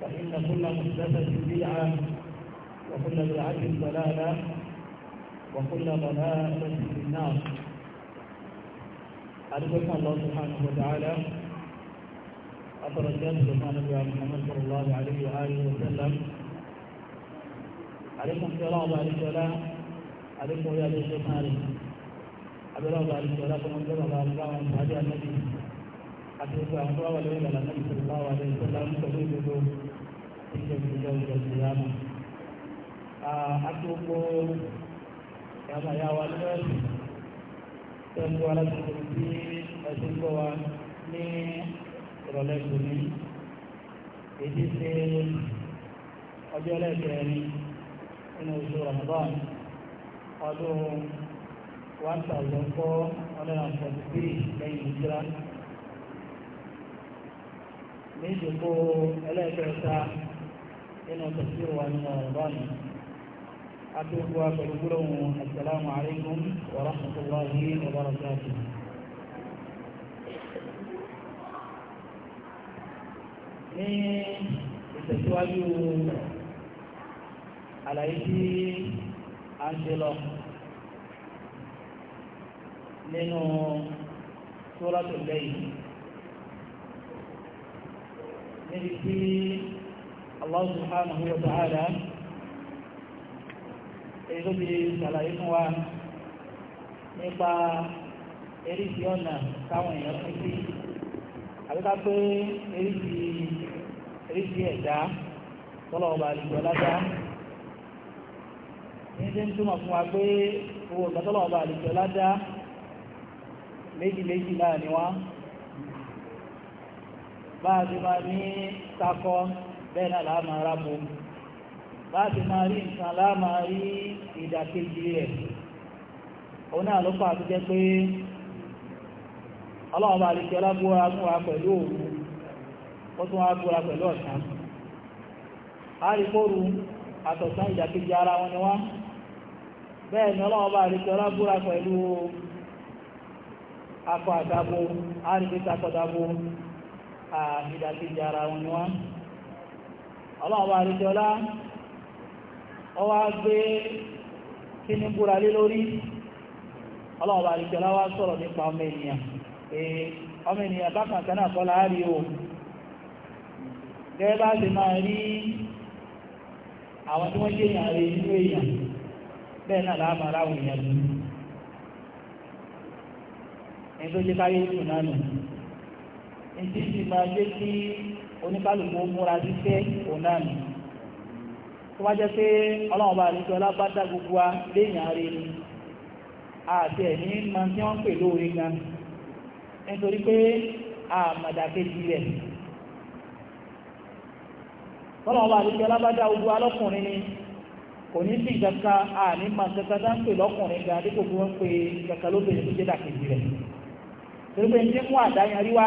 فإن كل محدثة بدعة وكل بدعة ضلالة وكل ضلالة في النار أرجوك الله سبحانه وتعالى أترجى سبحانه يا محمد صلى الله عليه وآله وسلم عليكم صلاة الله عليه عليكم يا ذي أبي أبلغ عليه الصلاة والسلام أنزل الله وعلى النبي حتى أن الله عليه وسلم صلى الله عليه وسلم ọjọ́ ìgbìyànjú ọjọ́ ìgbìyànjú àti gbogbo yàrá yà wá lọ́wọ́ ẹ̀sìn tẹ́lú aláṣẹ tí ẹ̀sìn gbọ́ wa ní ìrọ̀lẹ́ ìgbòmí èdè ṣe ọjọ́ ẹlẹ́kẹ̀ẹ́rin nínú oṣù Ramadan ọdún one thousand four hundred and forty three lẹ́yìn ìjìlá ní ìdìbò ẹlẹ́kẹ̀ẹ́ta nínú tẹ̀sí wa ní ọ̀rọ̀bánu akẹ́kọ̀ọ́ wa pẹ̀lú gbólóhùn asalaamu alaykum wa rahmatulahi wa barakatuh. ní ìtẹ̀síwájú àlàyé tí a ń ṣe lọ nínú suratul Layl níbi tí Allah subhanahu wa ta'ala èyí ló fi ṣàlàyé fún wa nípa eréjì ọ̀nà táwọn èèyàn pín sí àbíká pé eréjì eréjì ẹ̀dá tọlọ ọba alijọ ọlájá ní ṣe ń túmọ̀ fún wa pé ọba alijọ bá a ti máa bẹ́ẹ̀ náà láàmà rábò láti máa rí nǹkan láàmà rí ìdàkejì rẹ̀ òun náà ló pàtó jẹ́ pé ọlọ́ọ̀bá àlejò ọlábúra fún wa pẹ̀lú òru ó tún wá búra pẹ̀lú ọ̀sán àríkóru àtọ̀sán ìdàkejì ara wọn ni wá bẹ́ẹ̀ ni ọlọ́ọ̀bá àlejò ọlábúra pẹ̀lú akọ àdàbò àríkítà akọ̀dàbò ìdàkejì ara wọn ni wá. ọlọ́ọ̀bá àríjọlá ọ wá gbé kí ní búra lé lórí ọlọ́ọ̀bá àríjọlá wá sọ̀rọ̀ nípa ọmọ ènìyàn ọmọ ènìyàn bákan kan náà kọ́ láàrí o gẹ́gẹ́ bá ti máa rí àwọn tí wọ́n jẹ́ èèyàn rẹ̀ nínú èèyàn bẹ́ẹ̀ náà láàmà aráwọ̀ èèyàn lù ẹni tó oníkálùkù múra síṣẹ́ òun náà nì tó bá jẹ́ pé ọlọ́run bá àlejò alábádá gbogbo wa léèyàn rẹ ni àti ẹ̀mí máa tí wọ́n ń pè lóore gan nítorí pé àmàdàkejì rẹ̀ ọlọ́run bá àlejò alábádá gbogbo wa lọ́kùnrin ni kò ní sí ìjọka àní máa kankan tá ń pè lọ́kùnrin gan dípò bí wọ́n ń pè kankan lóbìnrin tó jẹ́ dàkejì rẹ̀ torí pé ní mú àdáyanrí wá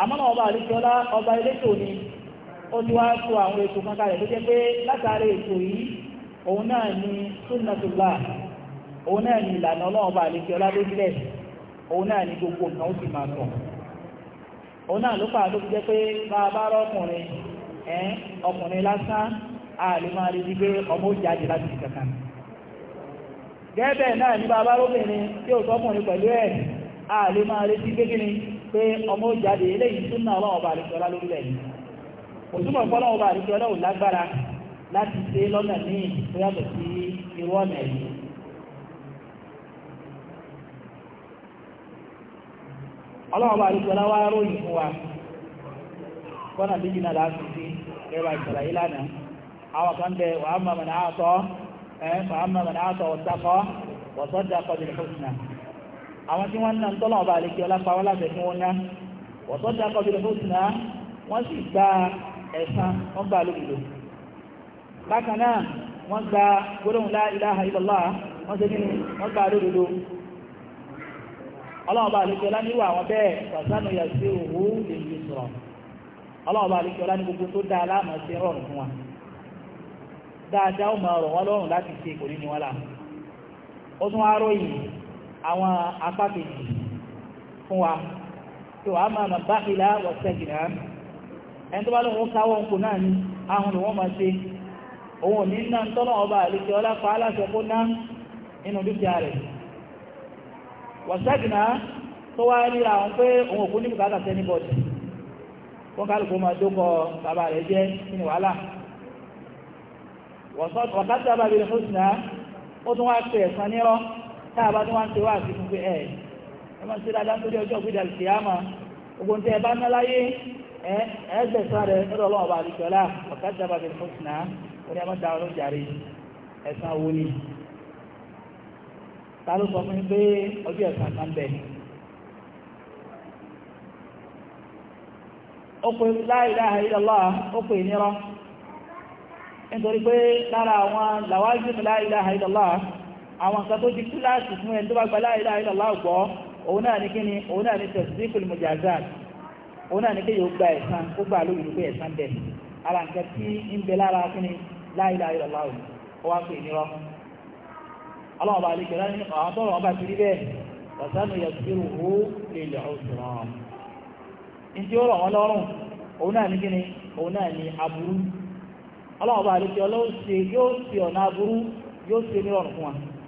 àmọ́nà ọba àríṣọ́lá ọba elétò ni ó ti wá sọ àwọn ètò kan kalẹ̀ tó jẹ́ pé látàrí ètò yìí òun náà ni súnnàtùlá òun náà ni ìlànà ọlọ́run ọba ló lójúlẹ̀ òun náà ni gbogbo nǹkan ó sì máa sọ òun náà ló fàá tó fi jẹ́ pé bá a bá rọ́kùnrin ẹ̀ẹ́n ọkùnrin lásán a lè máa rí wípé ọmọ ó jáde láti gẹ́gẹ́ bẹ́ẹ̀ náà ní bá a bá tí ò pé ọmọ jáde eléyìí tún náà ọlọ́wọ́ bá àríkẹ́ ọlá lórílẹ̀ yìí kò túnbọ̀ pọ́ ọlọ́wọ́ bá àríkẹ́ ọlọ́wọ́ lágbára láti ṣe lọ́nà míì tó sí irú ọ̀nà yìí ọlọ́wọ́ bá àríkẹ́ ọlá ròyìn fún wa kọ́nà méjì náà láti sí ẹwà ìṣẹ̀lẹ̀ yìí lánàá àwọn kan bẹ wàá mọ̀mọ̀ náà àwọn tí wọ́n ń ná tọ́lọ̀ ọba àlejò ọlápàá láti fún wọn ná wọ́tọ́ tí a kọ́ bílẹ̀ fóòtù náà wọ́n sì gba ẹ̀san wọ́n gba lóbìlò bákan náà wọ́n gba gbólóhùn ilaha wọ́n ṣe nínú wọ́n gba lóbìlò ọlọ́ọ̀bá àlejò ọlá níwò àwọn bẹ́ẹ̀ pàṣánù yàtí òwú lèyí sọ̀rọ̀ ọlọ́ọ̀bá àlejò ọlá ní gbogbo tó dáa àwọn apá kejì fún wa tí wàá máa mà bá ìlà wọ̀ṣẹ́ jìnnà ẹni tó bá lóun káwọ́ nkù náà ni àwọn lòun máa ṣe òun ò ní ná ń tọ́nà ọba àlejò ọlápàá aláṣẹ kó ná nínú dúkìá rẹ̀ wọ̀ṣẹ́ jìnnà tó wá ríra àwọn pé òun òkú ní bùkátà sẹ́ni bọ́ọ̀dì wọ́n kálukú máa dókọ̀ bàbá rẹ̀ jẹ́ nínú wàhálà wọ̀kátà bàbá rẹ̀ fún ìsìnà ó tún wá pè ẹ̀sán nírọ́ táàbá tó wá ń ṣe wá àti fún pé ẹ ẹ máa ṣe dáadáa nítorí ọjọ́ àmà ogun tẹ ẹ bá ná láyé ẹ ẹ rẹ lọ́dọ̀ ọlọ́run ọba àdìsọ́lá ọ̀ká bẹ̀rẹ̀ fún ó ní ẹ máa da ẹ̀sán owó ni ta ló sọ fún mi pé ọjọ́ ẹ̀sán kan bẹ̀ ó pè ó pè nírọ́ nítorí pé lára àwọn làwájú àwọn nǹkan tó di kíláàsì fún ẹni tó bá gba la ilaha illallah òun náà ní kíni òun náà ní tasdiqul mujazat òun náà ní kí yóò gba ẹ̀san ó gbà lórí ìlú pé ẹ̀san bẹ̀ ara nǹkan tí ń bẹ lára kíni la ilaha illallah ó wá pè nírọ́ ọlọ́run bá lè ní àwọn ti rí bẹ́ẹ̀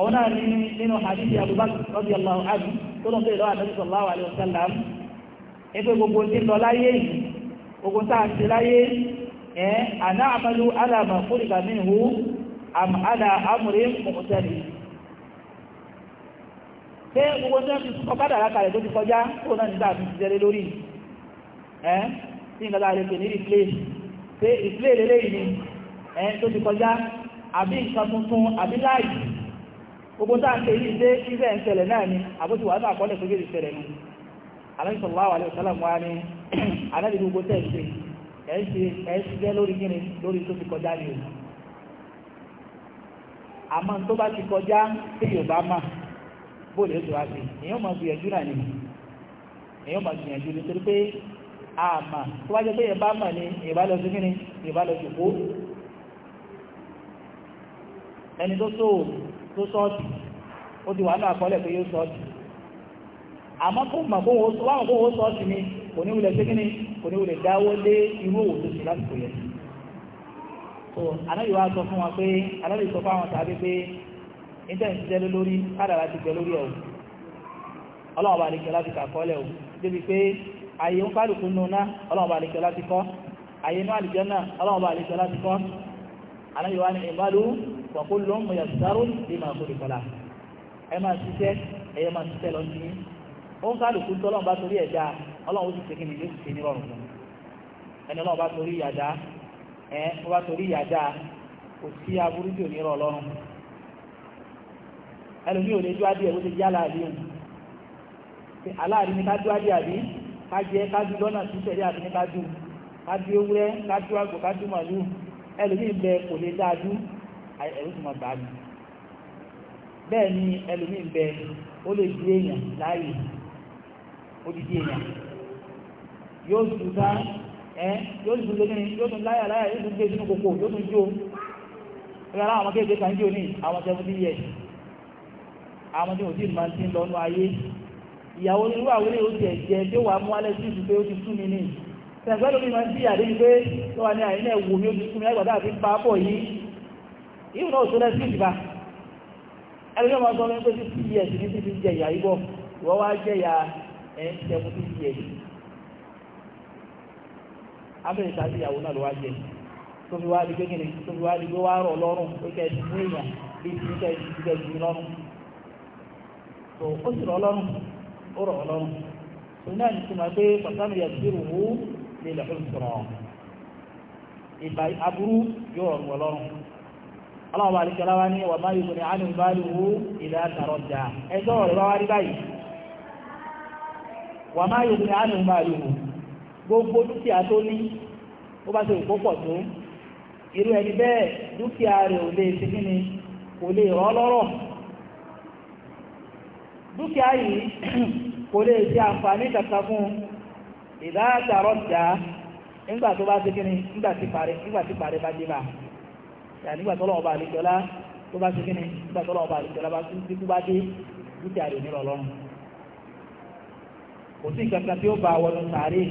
òun náà ní nínú hadithi abubakar rọ́bì allahu abu tó ló ń bèèrè lọ́wọ́ àtàbí sallallahu alayhi wa sallam ẹgbẹ́ gbogbo tí lọ láyé yìí gbogbo tá à ń ṣe láyé ẹ̀ àná àmàlú alàmà kúrìkà minhu àm àlà amúrí mọ̀kútẹ́lì pé gbogbo tí wọ́n ti ọkadà alákàlẹ̀ tó ti kọjá tó náà nígbà tó ti jẹ́rẹ́ lórí ẹ̀ tí nǹkan tá a ní rìplé pé rìplé lélẹ́yìn ni tó ti kọjá àbí nǹkan tuntun àbí láàyè gbogbo tá à ń ṣe yìí dé ibẹ̀ ń ṣẹlẹ̀ náà ni àbótí wàá náà kọ́lẹ̀ tó gbé ìṣẹ̀lẹ̀ ni alábi sọ̀rọ̀ wà lẹ́yìn sálàmù wa ni alábi gbogbo tẹ̀ ṣe ẹ̀ ṣe ẹ̀ ṣe jẹ́ lórí kíni lórí tó fi kọjá ni o àmọ́ tó bá ti kọjá tí yóò bá mà bóòlù ètò tó sọ́ọ̀tì ó ti wà ní àkọọ́lẹ̀ pé yóò sọ́ọ̀tì àmọ́ kó mọ̀ kó wọ́n kó wọ́n sọ́ọ̀tì ni kò ní wulẹ̀ sígínì kò ní wulẹ̀ dáwó lé irú òwò tó sì lásìkò yẹn so anábì wa sọ fún wa pé anábì sọ fún àwọn tàbí pé níta ìṣiṣẹ́ lórí kádàrá ti gbẹ lórí ẹ̀ o ọlọ́run bá nìkẹ́ láti kàkọ́lẹ̀ o débi pé àyè ń kálukú nuna ọlọ́run bá nìkẹ́ láti kọ́ àyè inú àlìjẹ́ náà ọlọ́run bá nìkẹ́ láti kọ́ anáyọ̀ wa ní ìbálò kọ̀kọ́ ló ń mọ̀ yàtúndáró bí màá kó lè kọ́lá ẹ máa ṣiṣẹ́ ẹ̀yẹ máa ṣiṣẹ́ lọ sí ó ń kálukú tó ọlọ́run bá torí ẹ̀dá ọlọ́run ó sì ṣe kí ni yóò ṣe ní rọrùn fún ẹni ọlọ́run bá torí ìyàdá ẹ ó bá torí ìyàdá kò sí aburú tí ò ní rọ ọlọ́run ẹlòmí ò lè dúá díẹ̀ bó ti jẹ́ aláàbí òun aláàbí ni ká dúá díẹ̀ àbí ká jẹ́ ká dú lọ́nà ẹlòmíì bẹ kò lè dáadú ẹ̀rù tó máa bàánù bẹ́ẹ̀ ni ẹlòmíì bẹ ó lè di èèyàn láàyè ó di èèyàn yóò tún dá ẹ yóò tún lómi yóò tún láyà láyà yóò tún gbé sínú kòkó yóò tún jó rárá àwọn kéèkéé kan jò ní àwọn seventy years àwọn tí wọ́n ti máa ti ń lọ́nu ẹgbẹ́lú mi máa ń bíyà débi pé tó wà ní àìní ẹ̀wù mi ojú fún mi ẹgbàdá àti pa pọ̀ yìí yíò náà tó lẹ́sí ìdìbà ẹgbẹ́ yóò máa sọ wípé tí tí yẹ sí ní ti fi jẹ ìyà yìí bọ̀ wọ́n wá jẹ ìyà ẹ̀ ń jẹun tí yẹ yìí abẹ́rẹ́ ìtàdí ìyàwó náà ló wá jẹ tó fi wá di pé kí ni tó fi wá di pé wá rọ̀ lọ́rùn pé kẹ́ ẹ̀dì mú èèyàn bí ti kẹ́ ẹ̀dì ti kẹ́ẹ̀dì ní ti nílẹ̀ ọ̀sọ̀rọ̀ ìgbà aburú yóò rọrùn ọlọ́run ọlọ́run bá àdìsọ́lá wá ní wàmá yóò ní àánú bá lè wú ìlà àtàrọ̀ jà ẹjọ́ rẹ̀ bá wá rí báyìí wàmá yóò ní àánú bá lè gbogbo dúkìá tó ní ó bá ṣe pọ̀ tó irú ẹni bẹ́ẹ̀ dúkìá rẹ̀ ò lè ṣe kí ni kò lè rọ́ lọ́rọ̀ dúkìá yìí kò lè ṣe àǹfààní kankan fún un ìdáàtàrọ̀ dá nígbà tó bá ti kíni nígbà tí parí nígbà tí parí bá dé bá yà nígbà tó lọ́wọ́ bá àlejòlá tó bá ti kíni nígbà tó lọ́wọ́ bá àlejòlá bá tún dínkù bá dé dúkìá rẹ̀ nílọ lọ́rùn kò sí nǹkan kan tí ó bá wọnú sàárè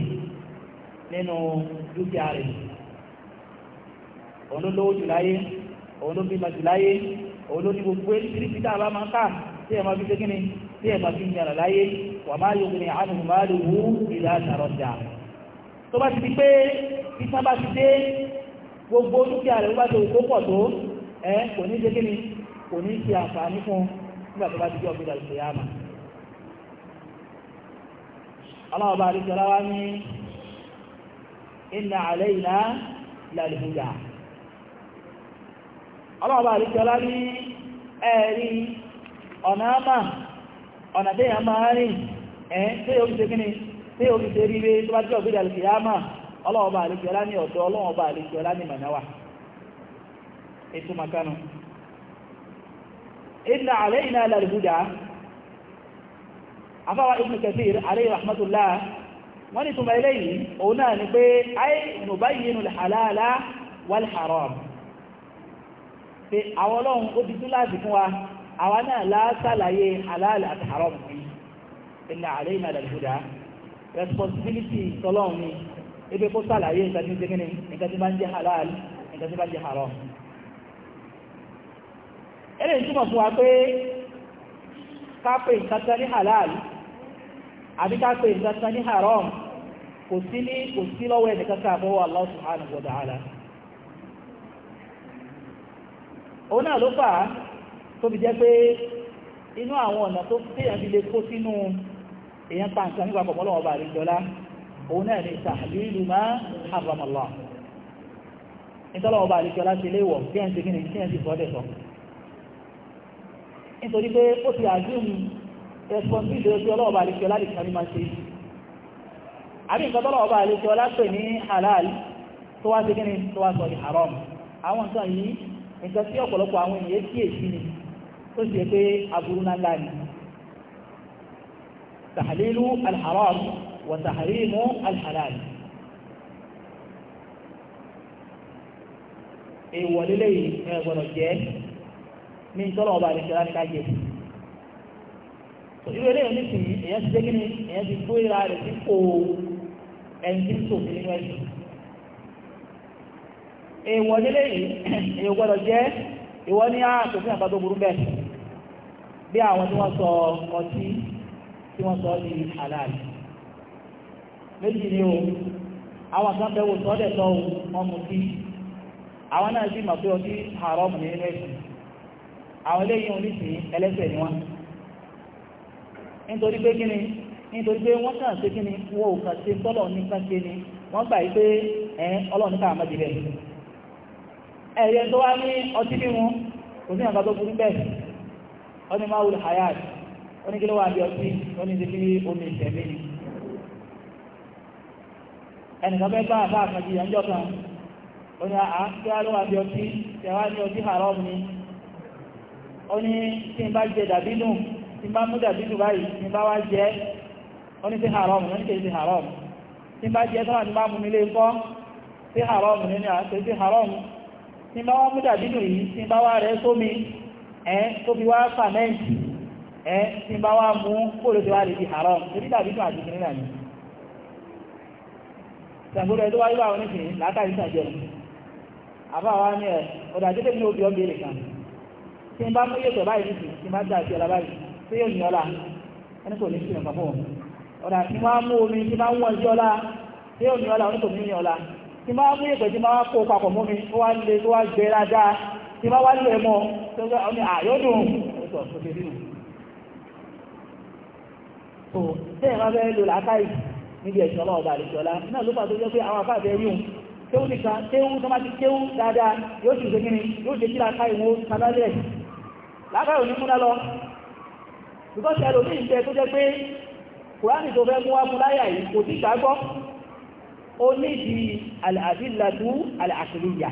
nínú dúkìá rẹ̀ òun ló lówó jù òun ló bímọ jù òun ló ní gbogbo ẹ̀ tí ẹ̀ máa fi yàrá láyé wà máa yọ obìnrin àánú máa lè wú ìlà àtàrọ̀dà tó bá ti di pé títà bá ti dé gbogbo dúkìá rẹ̀ bá ti kó pọ̀ tó ẹ kò ní ṣe kíni kò ní ṣe àǹfààní fún nígbà tó bá ti dé ọ̀gbìn àlùfẹ́ yàmà aláwọ̀ bá àdìsọ́lá wá ní inna alayna làlùfúdà aláwọ̀ bá àdìsọ́lá ní ẹ̀rí ọ̀nà àmà ọ̀nà tí èèyàn máa rìn ẹ̀ tí yóò fi ṣe kíni tí yóò fi ṣe rí ilé tó bá jẹ́ òbí ìdàlùkì yá mà ọlọ́wọ́ bá àlejò ọlá ní ọ̀dọ́ ọlọ́wọ́ bá àlejò ọlá ní mànáwà ètò makanu inna alayna lalhuda afáwa ibn kathir alayhi rahmatullah wọ́n ní àwa náà láṣàlàyé aláàlá àti haram ní ilẹ̀ àlẹ́ ìmọ̀ àdàlùkúdà responsibility tọ́lọ́run ni ebi kó ṣàlàyé nǹkan tí ń jẹ́ kíni nǹkan tí bá ń jẹ́ halal nǹkan tí bá ń jẹ́ haram ẹlẹ́ ìtumọ̀ fún wa pé kápẹ̀ nǹkan tán ní halal àbí kápẹ̀ nǹkan tán ní haram kò sí ní tó fi jẹ́ pé inú àwọn ọ̀nà tó téèyàn fi lè kó sínú èèyàn pa nǹkan nípa pọ̀pọ̀ lọ́wọ́ bá rí jọlá òun náà ni tahlilu ma harrama Allah nítọ́lọ́wọ́ bá rí jọlá ti léwọ̀ kí ẹ̀ ti kí ni kí ẹ̀ ti sọ́ dẹ̀ sọ nítorí pé ó ti àjùm responsibility lórí ọlọ́wọ́ bá rí jọlá tó ṣe pé aburú náà ńlá ni tàhálílù alharam wà tàhálímù alhalal èèwọ̀ lélẹ́yìn ẹ gbọ́dọ̀ jẹ́ ní tọ́lọ̀ ọba àdìsẹ́lá ní kájẹ́ irú eléyìí nísìnyí èyàn ti dégé èyàn ti gbé ra rẹ̀ sí kò ẹni tí ń sòfin nínú ẹ̀sìn èèwọ̀ lélẹ́yìn èèwọ̀ jẹ́ ìwọ ní àtòfin ah, àbá burú bẹ́ẹ̀ bí àwọn tí wọ́n sọ ọtí tí wọ́n sọ di méjì ni o àwọn kan bẹ̀wò sọ́dẹ̀ tọ́ wọn mú àwọn náà sì mọ̀ pé ọtí haram ní nínú ẹ̀sìn àwọn eléyìí oníṣìí ẹlẹ́sẹ̀ ni wọ́n nítorí pé kíni nítorí pé wọ́n kàn ṣe kíni wọ́n ò ní ni wọ́n gbà yí pé ẹ̀ ọlọ́run wọ́n ni máwùl hayat wọ́n ni kí ló wà bí ọtí wọ́n ni ti fi omi ìtẹ̀mí ni ẹnìkan fẹ́ bá àbá àkànjì ìyànjọ́ kan wọ́n ni àá kí á ló wà bí ọtí tẹ̀wá ní ọtí haram ni wọ́n ni tí n bá jẹ dàbínú tí n bá mú dàbínú báyìí tí n bá wá jẹ wọ́n ni ti haram wọ́n ni kì haram tí n bá jẹ tí n ti bá mú ẹ́ tó fi wá fàmẹ́ǹtì ẹ́ tí bá wá mú kóòlò tí wá lè di haram torí tàbí tó àti kìnnìyàn ni ṣàǹgbọ́n ẹ̀ tó wáyé bá wọn ní kìnnìyàn látàrí sàjẹ́ àbá wa ní ẹ̀ ọ̀dà jẹ́ tẹ́mi ní obì ọ̀gbẹ̀ rẹ̀ kan tí bá mú yẹ̀tọ̀ báyìí nìsí tí bá dà sí ọ̀la báyìí tí yóò ní ọ̀la ẹni kò ní sí ọ̀pọ̀ fún ọ̀dà tí wọ́n mú omi tí bá ń wọ́n sí ọ̀la tí yóò ní ọ̀la oníkò ní ọ̀la tí bá mú yẹ̀tọ̀ tí bá kó papọ̀ mú mi ó wá lè tó wá gbé dáadáa tí bá wá lò ẹ mọ́ tẹ́gbẹ́ ọ ní àyọ́dùn ẹ̀sọ̀ tó ṣe nínú tó tẹ́yìn bá bẹ́ẹ̀ lò làákàyè níbi ẹ̀sìn ọlọ́ọ̀bà àlejòọlá náà ló fà tó jẹ́ pé àwọn afáàfẹ́ rí òun kéwú nìkan kéwú tó má ti kéwú dáadáa yóò sì ṣe kíni yóò ṣe kí làákàyè wọn sábàlẹ̀ làákàyè ò ní múná lọ bíkọ́sì ẹlòmíì ń bẹ tó jẹ́ pé kùránì tó fẹ́ mú wá mú láyà yìí kò sí ìgbàgbọ́ ó ní ìdí àdìlàdú àlàṣìlúyà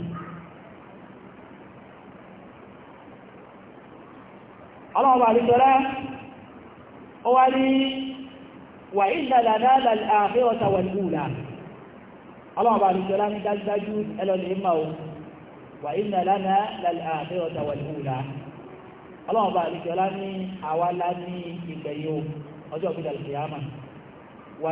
ọlọ́ọ̀bà àríṣọ́lá ó wá ní wà ìdàdà dáadáa àfẹ́ ọ̀tà wà ní ìlà ọlọ́ọ̀bà àríṣọ́lá ní dájúdájú ẹlọ́lẹ̀ ìmọ̀ wà ìdàdà dáadáa àfẹ́ ọ̀tà wà ní ìlà ọlọ́ọ̀bà àríṣọ́lá ní àwa lá ní ìgbẹ̀yìn ọjọ́ ìgbẹ̀dà ìfìyàmà wà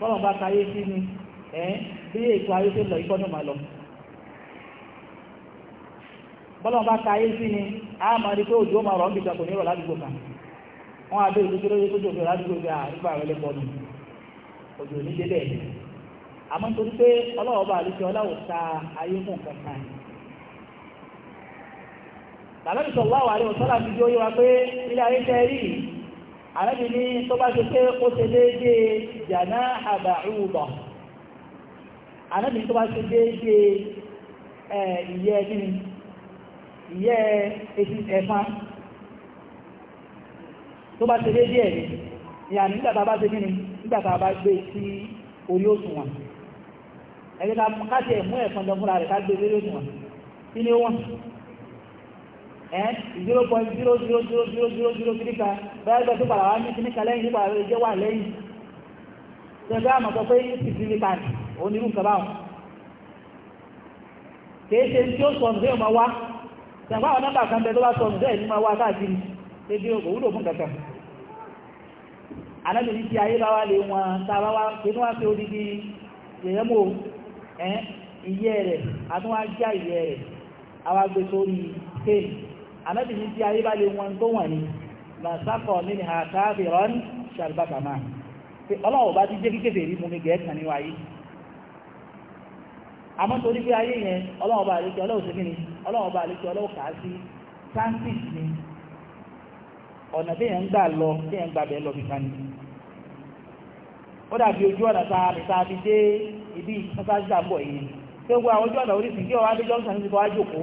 tọ́lọ̀ bá káyé sí ni ẹ̀ bí ètò ayé tó lọ ikọ́ máa lọ bọ́lọ̀ bá káyé sí a máa rí pé òjò máa rọ̀ ń bìtà kò ní rọ̀ ládùúgbò kan wọ́n adé òjò tó lóye tó ládùúgbò bí àrùbá rẹ̀ lẹ́pọ̀ nù òjò ní débẹ̀ àmọ́ nítorí pé ọlọ́wọ́ bá àlùfẹ́ ọláwò ta ayé fún nǹkan kan tàbí fi àrẹ́bì ní tó bá ṣe pé ó ṣe déédé jàná àbàrúbọ̀ àrẹ́bì tó bá ṣe déédé ìyẹ́ ní ìyẹ́ ẹ̀fán tó bá ṣe déédé ẹ̀rí ìyàní nígbàtà bá ṣe nínú nígbàtà bá gbé sí orí òṣùwọ̀n ẹgbẹ́ta zero point zero zero zero zero zero zero three kan bẹ́ẹ̀ gbẹ́ padà wá ní kíníkà lẹ́yìn nípa àwọn ìjẹ́ wà lẹ́yìn ṣẹ̀gbẹ́ àmọ̀ sọ pé sixty nǹkan báwọn kìí ṣe tí ó àwọn nọ́mbà kan tó bá máa wá káàkiri wúlò fún kankan ti ayé bá wá lè wọn tá a bá wá pé ní wá anábì ní tí ayé bá lè wọn tó wọ̀n ni na sáfọ̀ nínú ha káàbì rán ṣàlùbákà máa pé ọlọ́wọ̀ bá ti jẹ́ kí kèfèrí mú mi gẹ̀ẹ́kàn nínú ayé àmọ́ torí pé ayé yẹn ọlọ́wọ̀ bá àlékí ọlọ́wọ̀ sí kíni ọlọ́wọ̀ bá àlékí ọlọ́wọ̀ kà á sí transit ni ọ̀nà tí yẹn ń gbà lọ tí yẹn ń gbà bẹ́ẹ̀ lọ fi kan ni ó dàbí ojú ọ̀nà tá a nìta fi dé ibi ìsọ́sájú àbọ̀ yìí tí ó gbọ́ àwọn ojú ọ̀nà orísìí kí ọwọ́ adé Johnson ti kọ́ wá jòkó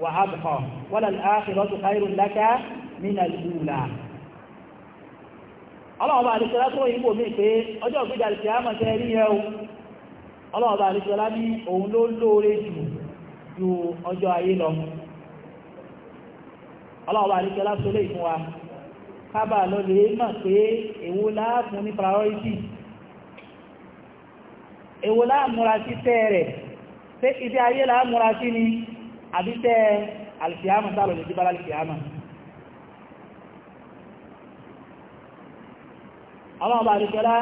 وأبقى وللآخرة خير لك من الأولى ọba àdìsọ́lá tó yìí mí pé ọjọ́ ìgbìdà àti àmọ̀tẹ́ rí o ọba àdìsọ́lá ní òun ló lóore jù ju ọjọ́ ayé lọ ọlọ́ọ̀bá àdìsọ́lá tó lè fún wa kábà lọ lè mọ̀ pé èwo láàfún ní priority èwo láàmúra sí àbíṣẹ́ alìkìyàmù tààlọ̀ lè díbára alìkìyàmù ọlọ́ọ̀bà àríkẹ́lá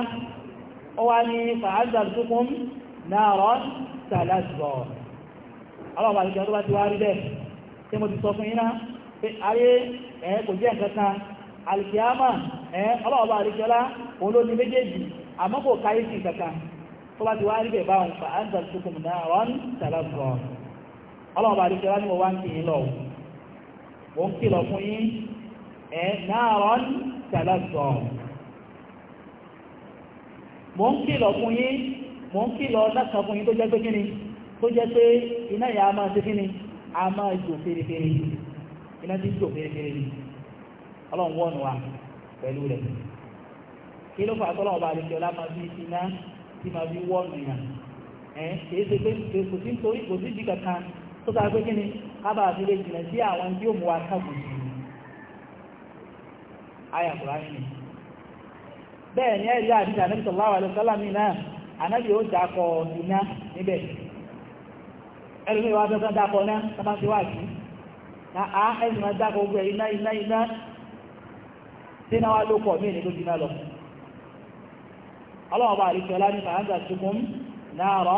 ó wá ní fàájàdùkún náàrọ̀ tààlásìbọ̀ ọlọ́ọ̀bà àríkẹ́lá tó bá ti wá rí bẹ́ẹ̀ tí mo ti sọ fún iná pé ayé ẹ̀ kò jẹ́ nǹkan alìkìyàmù ẹ̀ ọlọ́ọ̀bà àríkẹ́lá olóni méjèèjì àmọ́ káyé sí kankan tó bá ti wá rí bẹ́ẹ̀ báwọn fàájàdùkún náàrọ̀ tààlásìbọ̀ ọlọ́ọ̀bà àdíṣẹ́ wá ní mo wá ń kí yín lọ mo ń kìlọ̀ fún yín ẹ̀ náàrọ̀ ń tẹ̀lẹ́sọ̀ mo ń kìlọ̀ fún yín mo ń kìlọ̀ láti fún yín tó jẹ́ pé kí ni tó jẹ́ pé iná ìyá máa ṣe kí ni a máa jò fèrèfèrè iná tí ń jò fèrèfèrè ni ọlọ́run wọ́n wa pẹ̀lú rẹ̀ kí ló fà á tọ́lọ́wọ́ bá a lè máa fi iná tí máa fi wọ́ọ̀nù yàn ẹ̀ kìí ṣe pé kò sí nítorí kò sí ìdí kankan tó sáà pé kí ni kábà fi lè jìnà sí àwọn tí ó mú wa kábù sí àyà kùránì ni bẹ́ẹ̀ ni ẹ̀rí àti ànábì sallallahu alaihi wasallam náà ànábì ó dákọ̀ iná níbẹ̀ ẹlùmí wa fẹ́ fẹ́ dákọ̀ náà sábà ti wà sí náà ẹ̀sìn máa dákọ̀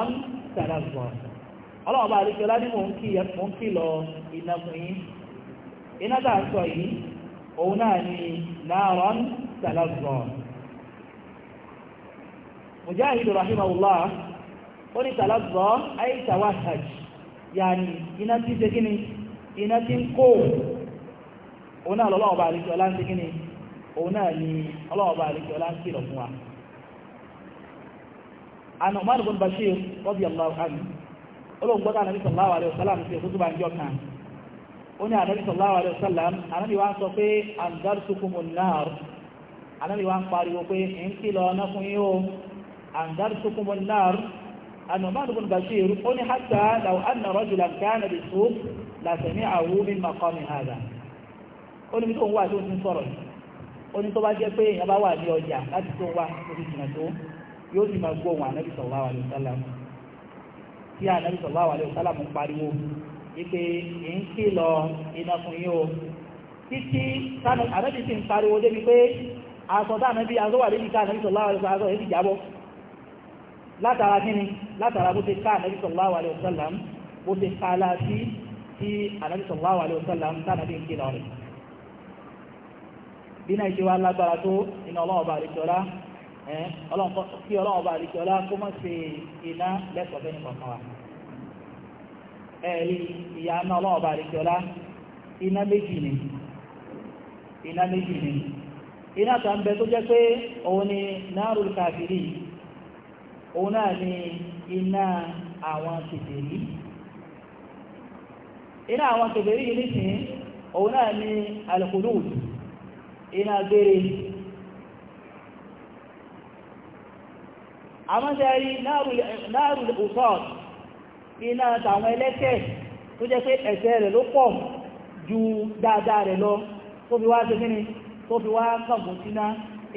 ogun ọlọ́ọ̀bá àríkẹ́lá ní mò ń kí ẹkùn kí lọ ìnàkùn yìí iná tàà sọ yìí òun náà ni náàrán tàlàzọ̀ mujahid rahimahullah ó ní tàlàzọ̀ ayé tàwáhàj yàní iná tí ṣe kíni iná tí ń kó òun náà lọ́lọ́ọ̀bá àríkẹ́lá ń ṣe kíni òun náà ni ọlọ́ọ̀bá àríkẹ́lá ń kí lọ fún wa an Umar bin Bashir radiyallahu anhu olóògbọ́dá ànábì alaihi wasallam ti ẹ̀kú tó bá ń alaihi wasallam ànábì wá ń sọ pé andartukumun nar ànábì wá ń pariwo pé ń kí lọ ọ̀nà fún yín hatta law anna rajulan kana bis-suq la sami'ahu min maqami hadha ó ní bí tó ń wà tó ń sọ̀rọ̀ ó ní tó bá jẹ́ pé èèyàn bá wà alaihi wasallam tí ànábì sallallahu alaihi wasallam ń pariwo wípé ń kí lọ iná fún yín o títí ànábì sì ń pariwo débi pé aṣọ tá ànábì aṣọ wà débi ká ànábì sallallahu alaihi wasallam aṣọ yìí ti jábọ́ látara kíni látara bó ṣe ká ànábì sallallahu alaihi wasallam bó ṣe ká láti tí ànábì sallallahu alaihi wasallam tánàbí ń kí lọ rẹ̀ bí náà ṣe wá lágbára tó iná ọlọ́ọ̀bà kí ọlọ́run bá ọlá kó mọ́ sí iná lẹ́sọ̀ọ́ bẹ́ẹ̀ nìkọ̀ọ̀kan wa ẹ̀rí ìyá náà ọlọ́run bá ọlá iná méjì ni iná méjì ni iná bẹ tó jẹ́ pé òun ni náàrùn kàfìrí òun náà ni iná àwọn kèfèrí iná àwọn kèfèrí yìí nìsín òun náà ni iná gbére àmọ́sẹ̀rí náàrùn òsọ́ọ̀t iná tàwọn ẹlẹ́ṣẹ̀ tó jẹ́ pé ẹ̀ṣẹ̀ rẹ̀ ló pọ̀ ju dáadáa rẹ̀ lọ tó fi wá ṣe kíni tó fi wá kàbùn síná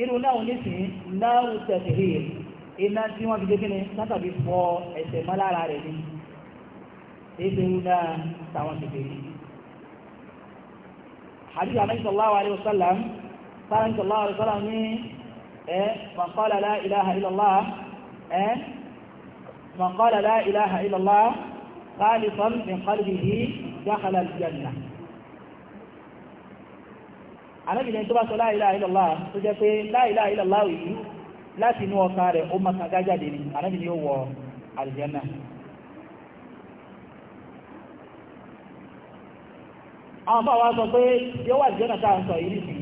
inú náà nísìn náàrùn tẹ̀sìrì iná tí wọ́n fi jẹ́ kíni ni ni eh man qala la ilaha illallah من قال لا إله إلا الله خالصا من قلبه دخل الجنة àlẹ́bì ní tó bá sọ la ilaha illallah tó jẹ́ pé la ilaha illallah yìí láti inú ọkà rẹ̀ ó mọ́ta gájáde ní àlẹ́bì ní ó wọ àlùjánnà àwọn bá wá sọ pé yóò wà àlùjánnà táà ń sọ yìí nìsí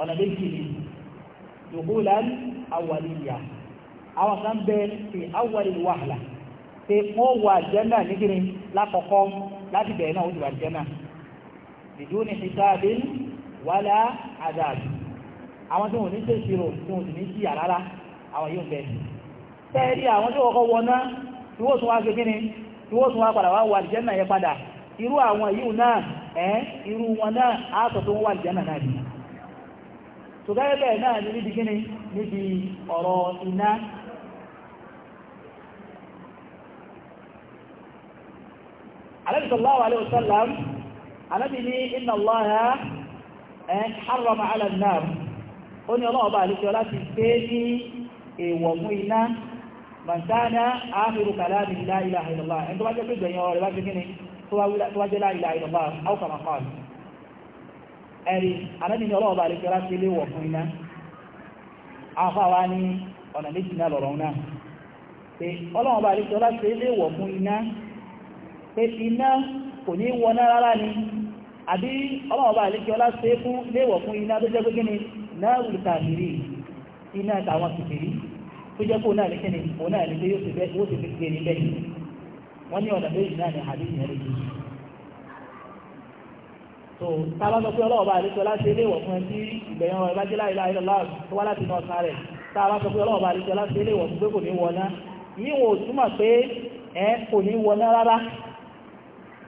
ọ̀nà méjì ni dukulan awwaliyya àwọn kan bẹ fi awwal wàhálà pé wọ́n wà àlùjánnà nígbìrín lákọ̀ọ́kọ́ láti bẹ̀rẹ̀ náà ó ti wà àlùjánnà biduni hisabin wala adab àwọn tí wọ́n ní ṣèṣirò tí wọ́n sì ní sí àrárá àwọn yóò bẹ̀ tẹ́ẹ̀rí àwọn tí wọ́n wọná tí wọ́n tún wá ṣe kíni tí wọ́n tún wá padà wá wà àlùjánnà yẹn padà irú àwọn yìí náà ẹ́ irú wọn náà ààtọ̀ tó ń wà ìjánà náà ni tó bẹ́ẹ̀ náà níbi gíní níbi ọ̀rọ̀ iná alábi sallallahu alaihi wasallam alábi ní inna Allaha eh, harrama ala an-nar ó ní ọlọ́wọ́ bá àlejò láti gbé ní èèwọ̀ mú iná mọ̀tánà akhiru kalami la ilaha illallah ẹni tó bá jẹ́ pé gbẹ̀yìn ọ̀rẹ́ bá ti kíni tó wá jẹ́ la ilaha illallah aw kama qala ẹ̀rí alábi ní ọlọ́wọ́ bá àlejò láti lé wọ̀ fún iná afáwa ní ọ̀nà méjì náà lọ̀rọ̀ náà pé ọlọ́wọ́ bá àlejò láti lé wọ̀ fún iná pé iná kò ní wọná rárá ni àbí ọlọ́ọ̀bá àlékí ọlá ṣe fún léèwọ̀ fún iná tó jẹ́ pé gíní náà kàfìrí iná tàwọn kìfìrí tó jẹ́ pé náà lékẹ́ni òun náà lékẹ́ yóò ti fi gbé níbẹ̀ wọ́n ní ọ̀nà méjì náà ní àdéhùn ẹ̀rẹ́ yìí so tábà sọ pé ọlọ́ọ̀bá àlékí ọlá ṣe léèwọ̀ fún ẹ tí ìgbẹ̀yàn ọ̀rẹ́ bá jẹ́ láìlá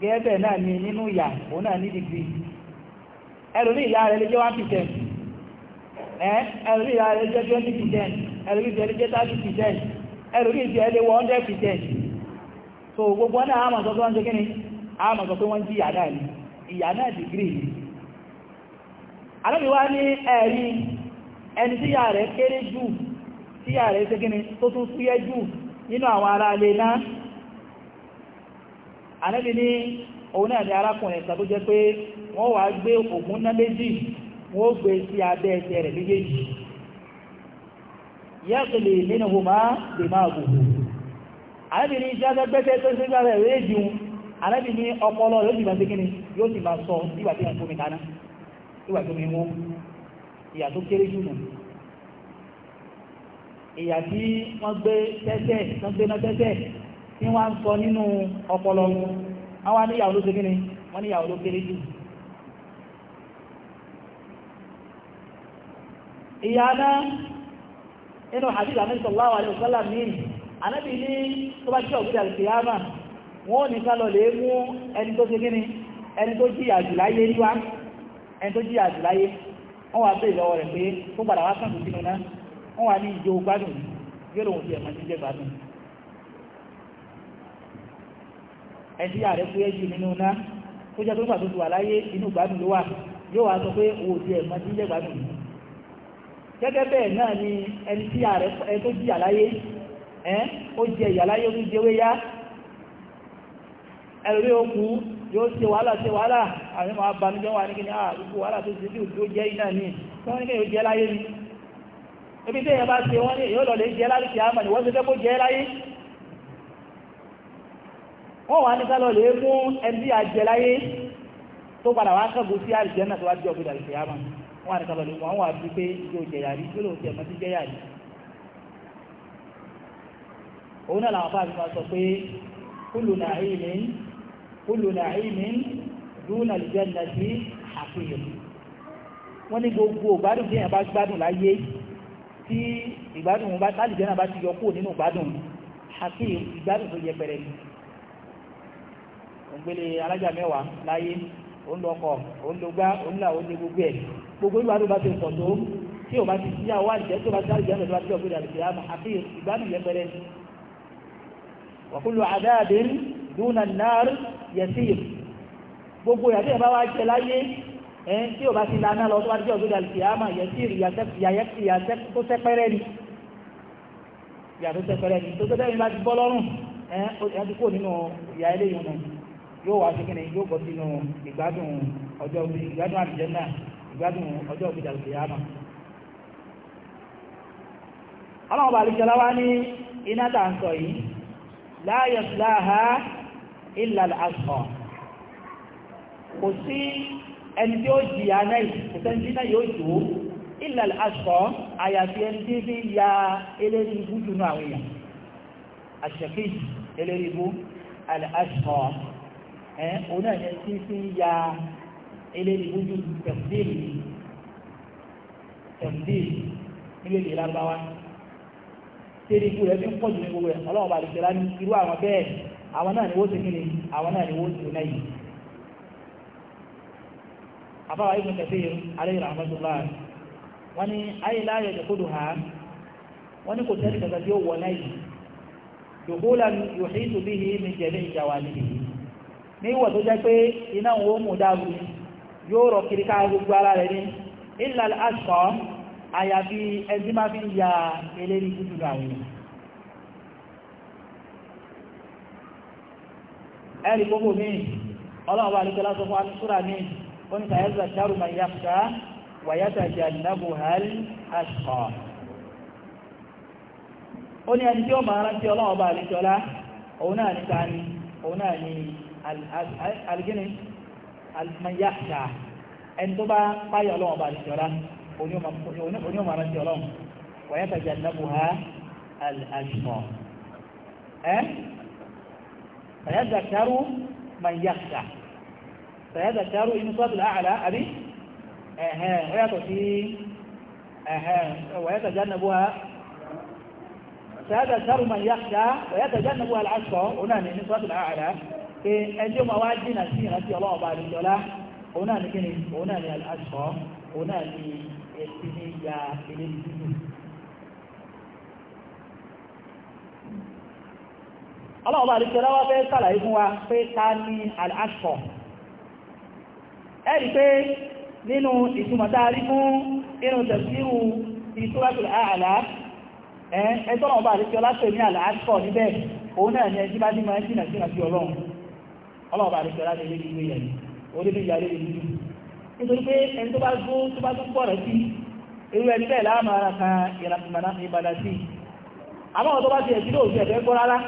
gẹ́ẹ̀bẹ̀ náà ni nínú ìyà òun náà ní dìgbì ẹlòmí ìyà rẹ̀ lè jẹ́ 1% ẹlòmí ìyà rẹ̀ jẹ́ 20% ẹlòmí ìyà rẹ̀ jẹ́ 30% ẹlòmí ìyà rẹ̀ wọ 100% so gbogbo náà àmà sọ pé wọ́n jẹ́ kí ni àmà sọ pé wọ́n jí ìyà náà ni ìyà náà dìgbì alábi wá ní ẹ̀rí ẹni tí ìyà rẹ̀ kéré jù tí ìyà rẹ̀ ṣe kí ànábì ní òun náà ni arákùnrin kan tó jẹ́ pé wọ́n wá gbé ògùn ná méjì wọ́n gbé sí abẹ́ ẹsẹ̀ rẹ̀ méjèèjì yẹ́kìlì nínú hùmá lè máa gbogbo ànábì ní jáde gbẹ́sẹ̀ tó sí gbára ẹ̀rẹ́ ìdíun ànábì ní ọpọlọ rẹ̀ ó sì máa ṣe kíni yóò sì máa sọ nígbà tí wọ́n tí wọ́n ń sọ nínú ọpọlọ wọn àwọn níyàwó ló ṣe kí ni wọ́n níyàwó ló kéré jù ìyá náà inú hadith Ànábì sallallahu alaihi wasallam ní Ànábì ní tó bá jẹ́ òkúta alìkìyàmà wọ́n ní ká lọ lè mú ẹni tó ṣe kí ni ẹni tó jíyà jù láyé níwá ẹni tó jíyà jù láyé wọ́n wá bèèrè lọ́wọ́ rẹ̀ pé tó padà wá sàn tó sínú náà wọ́n wá ní ìjọ gbádùn yóò lòun ti ẹ̀mọ́ jíjẹ gbádùn ẹtí ààrẹ fún ẹjù nínú náà tó jẹ́ tó gbà tó ti wà láyé inú gbádùn ló wà yóò wá sọ pé owó ti ẹ̀ máa jẹ́ gbádùn yìí gẹ́gẹ́ bẹ́ẹ̀ náà ni ẹni tí ààrẹ tó jí àláyé ẹ́ ó jẹ ìyàláyé ó ń jẹwé yá ẹ̀rí okù yóò ṣe wàhálà ṣe wàhálà àwọn ọmọ abanújẹ́ wà ní kí ni a ah, gbogbo wàhálà tó ṣe bí òjò jẹ́ iná ní tí wọ́n ní kí ni ó jẹ́ láyé ni ebi wọ́n wà ní sálọ lè mú ẹni tí a jẹ láyé tó padà wá kẹ́gbó sí àlùjànnà tó wá jẹ́ òkúta ìfẹ́ àmà wọ́n wà ní sálọ lè mú àwọn wà bí pé yóò jẹ yàrí tó lóun jẹ mọ́tí jẹ yàrí òun náà làwọn fáàbí máa sọ pé kullu na'imin kullu na'imin dúnà ti yọ kúrò ìgbádùn ìgbádùn tó yẹ pẹrẹ ni òǹgbélé alájà mẹ́wàá láyé òǹlọkọ̀ òǹlọgbá òǹlà òǹlẹ gbogbo ẹ̀ gbogbo ìgbà tó bá ti pọ̀ tó tí o bá ti sí àwọn àjẹ́ tó bá ti àjẹ́ tó bá ti ọ̀gbìn àlùfẹ́ àmà àfi ìgbádùn yẹn wàkúlù àdáàdín dúnà náàrí yẹsìr gbogbo ìyàtọ̀ ìyàbá wa jẹ láyé ẹ̀ tí o bá ti lana lọ tó bá ti ọ̀gbìn àlùfẹ́ àmà yẹsìr ìyàtọ̀ tó sẹ́pẹ́rẹ́ ni ìyàtọ̀ sẹ́pẹ́rẹ́ ni tó sẹ́pẹ́rẹ́ yóò wá síkìnnì yóò bọ́ sínú ìgbádùn ọjọ́ ìgbádùn àlùjànnà ìgbádùn ọjọ́ ìgbàlùkì yàmà ọlọ́run bá alìjọlá wá ní iná tàǹsọ̀ yìí la yaslaha illa al-ashqa kò sí ẹni tí ó jìyà náà kò sẹ́ni tí náà yóò jù ú illa al àyàfi ẹni tí fi ya eléri ibú jùnú àwọn èèyàn àṣẹ̀kí eléri ibú al-ashqa ẹ̀ òun náà yẹn tí fi ń ya eléyìíwójú tẹ̀fíìlì tẹ̀fíìlì nílé ìlera bá wa tẹ́lẹ̀ ikú rẹ̀ fi ń pọ̀ jù ní gbogbo ẹ̀ ọlọ́run bá lè tẹ̀lá ní irú àwọn bẹ́ẹ̀ àwọn náà ni wọ́n ti kíni àwọn náà ni wọ́n ti náà yìí àbáwá ibùn kẹfẹ́ alayhi rahmatullah wọ́n ní ayé láàyè ìdókòdò ha wọ́n ní kò tẹ́lẹ̀ kẹta tí ó wọ̀ náà yìí ní ìwọ̀ tó jẹ́ pé iná wo mú dáru yóò rọ̀ kiri ká gbogbo ara rẹ̀ ní illa al-ashqa àyàfi ẹjí máa fi ya eléri tútù àwọn ẹ̀rì gbogbo mi ọlọ́run bá nìkọlá sọ fún alùsúra mi ó ní sàyẹ́sà dárù máa yá fìdá jẹ́ àdínábò hàlì ashqa ó ní ẹni tí ó máa rántí ọlọ́run bá òun náà ní ta ni òun náà ní الجن من يخشى عندما بايع لهم بعد الشهر ونوم رضي الله ويتجنبها الأشقى أه؟ فيذكر من يخشى فيذكر إن الصوت الأعلى أبي أها ويتجنبها أها ويتجنبها فيذكر من يخشى ويتجنبها الأشقى هنا من الصوت الأعلى pé ẹjọ́ máa wá jìnà sí ìrántí ọlọ́ọ̀bá àdìjọlá òun náà ní kíni òun náà ní aṣọ òun náà ní ẹtì ní ìyá ilé ìdúdú. ọlọ́ọ̀bá àdìjọlá wá fẹ́ sàlàyé fún wa pé ta ni aṣọ ẹ̀rí pé nínú ìtumọ̀ táàrí fún inú tẹ̀síwù ti suratul A'la ẹ̀ẹ́tọ́nà ọba àdìjọlá pè ní aṣọ níbẹ̀ òun náà ní ẹjí bá sí ọlọ́wọ́ bá àdìsọ́lá ti lé gbígbé yẹn orí méjì alẹ́ lè dúdú nítorí pé ẹni tó bá gbó tó bá tún pọ̀rọ̀ sí irú ẹni bẹ́ẹ̀ láàmú ara kan ìlànà ìbàdàn sí àmọ́ ọ̀tọ́ bá ti ẹ̀ sí lóòjú ẹ̀fẹ́ gbọ́ rárá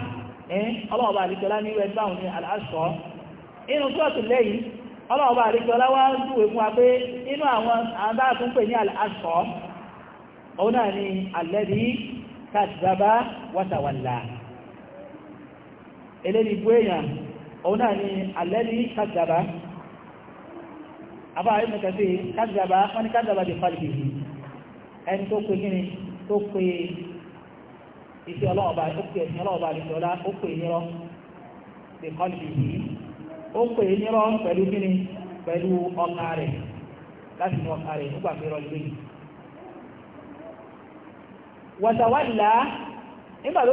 ọlọ́wọ́ bá àdìsọ́lá ní irú ẹni báwọn ní aláṣọ inú sọ́ọ̀tù lẹ́yìn ọlọ́wọ́ bá àdìsọ́lá wá ń dùwẹ̀ fún àwọn àbáàtúnpè ní bú èèyàn òun náà ni alẹ́rí kàzàbá àbá àrí mẹ́kàfẹ́ kàzàbá wọ́n ni kàzàbá di fàlì bìbì ẹni tó pe gíní tó pe iṣẹ́ ọlọ́ọ̀bá ó ọlọ́ọ̀bá àdìsí ọlá ó pe nírọ́ di fàlì bìbì ó pe nírọ́ pẹ̀lú gíní pẹ̀lú ọkà rẹ̀ láti ọkà rẹ̀ pé wàtàwàlá nígbà tó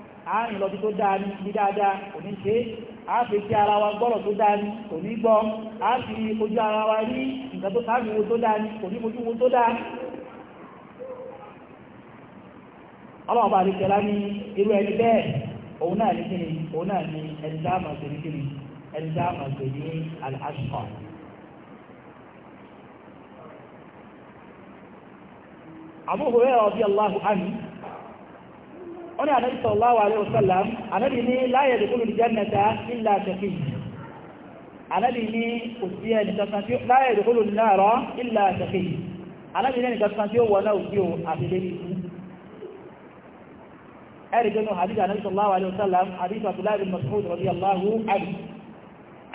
àárín lọ tó dáa ní bí dáadáa kò ní ṣe á fi kí ara wa gbọ́rọ̀ tó dáa ní kò ní gbọ́ á fi ojú ara wa rí nǹkan tó sáàmì tó dáa ní kò ní mojú tó dáa ọlọ́ọ̀bá àríkẹ́lá ní irú ẹni bẹ́ẹ̀ òun náà ní kíni òun náà ní ní kíni ó ní ànábì sallallahu alaihi wasallam ànábì ní la yadkhulul jannata illa taqi ànábì ní kò sí ẹni kankan tí la yadkhulun nara illa taqi ànábì ní ẹnìkankan tí ó wọ náà òkú àfilé ìlú ẹ̀rìgbẹ́nu hadith ànábì sallallahu alaihi wasallam hadith Abdullah bin Mas'ud radiyallahu anhu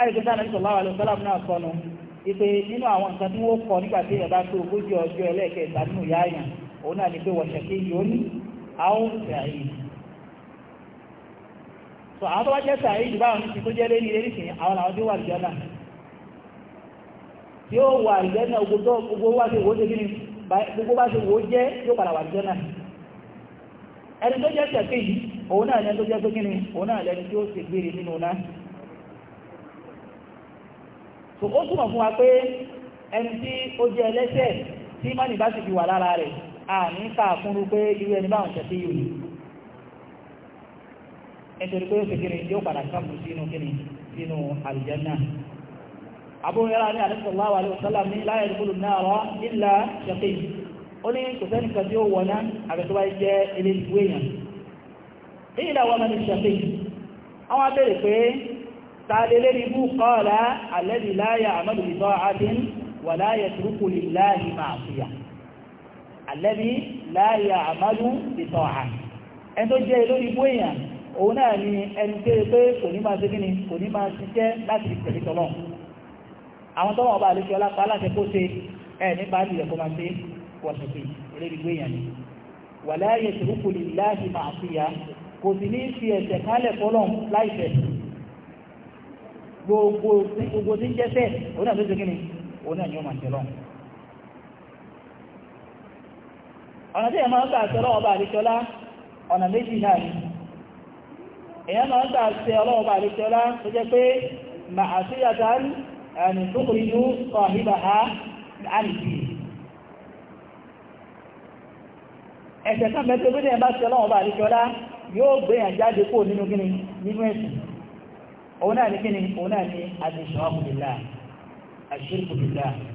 ẹ̀rìgbẹ́ta ànábì sallallahu alaihi wasallam náà sọnù ìpè nínú àwọn nǹkan tí wọ́n kọ nígbà tí àwọn sàáìdì so àwọn tó bá jẹ́ sàáìdì báwọn ní ti tó jẹ́ lérí lérí sí àwọn àwọn tí ó wà lùjọ́ náà tí ó wà lùjọ́ náà gbogbo wá sí ìwòsí gíní gbogbo bá sí ìwò jẹ́ yóò padà wà lùjọ́ náà ẹni tó jẹ́ sàkéyì òun náà lẹ́ni tó jẹ́ tó gíní òun náà lẹ́ni tí ó sì gbére nínú náà so ó túmọ̀ fún wa pé ẹni tí ó jẹ́ ẹlẹ́ṣẹ̀ tí mánì bá sì fi wà lára rẹ̀ àní káàkúrú pé irú ẹni báwọn tẹ̀ sí yìí nítorí pé ó fi kiri yóò padà kàmù sínú kiri sínú àlùjánnà àbúrò yára ní sallallahu alaihi wasallam ní la yadkhulu an-nara illa shaqi ó ní kò sẹ́ni kan tí ó wọ̀ náà àbẹ̀tọ́wá jẹ́ ilé ìwé àlẹ́bí láàyà àmàlú ìtọ̀ àà ẹni tó jẹ́ lórí ibú èèyàn òun náà ni ẹni tó pé kò ní máa ṣégíní kò ní máa ṣiṣẹ́ láti tẹ̀lé tọ́lọ́ àwọn tọ́wọ́ ọba àlejò ọlápá aláṣẹ kó ṣe ẹ̀ ní bá ilẹ̀ kó máa ṣe wọ̀ṣọ̀kì lórí ibú èèyàn ni wà láàyè tìrúkù lè láti máa fi ya kò sì ní fi ẹ̀ṣẹ̀ kálẹ̀ fọ́lọ́ láìṣẹ̀ gbogbo tí ń jẹ́ṣẹ̀ òun náà ló ṣe kíni òun náà ni ó máa ṣe lọ́hùn ọ̀nà tí èyàn máa ń tàṣẹ ọlọ́ọ̀bà àríkọlá ọ̀nà méjì náà ni èyàn máa ń tàṣẹ ọlọ́ọ̀bà àríkọlá tó jẹ́ pé ma àṣíyàtà ẹni tó kò inú sọ àhíbà ha ya ni gíní ni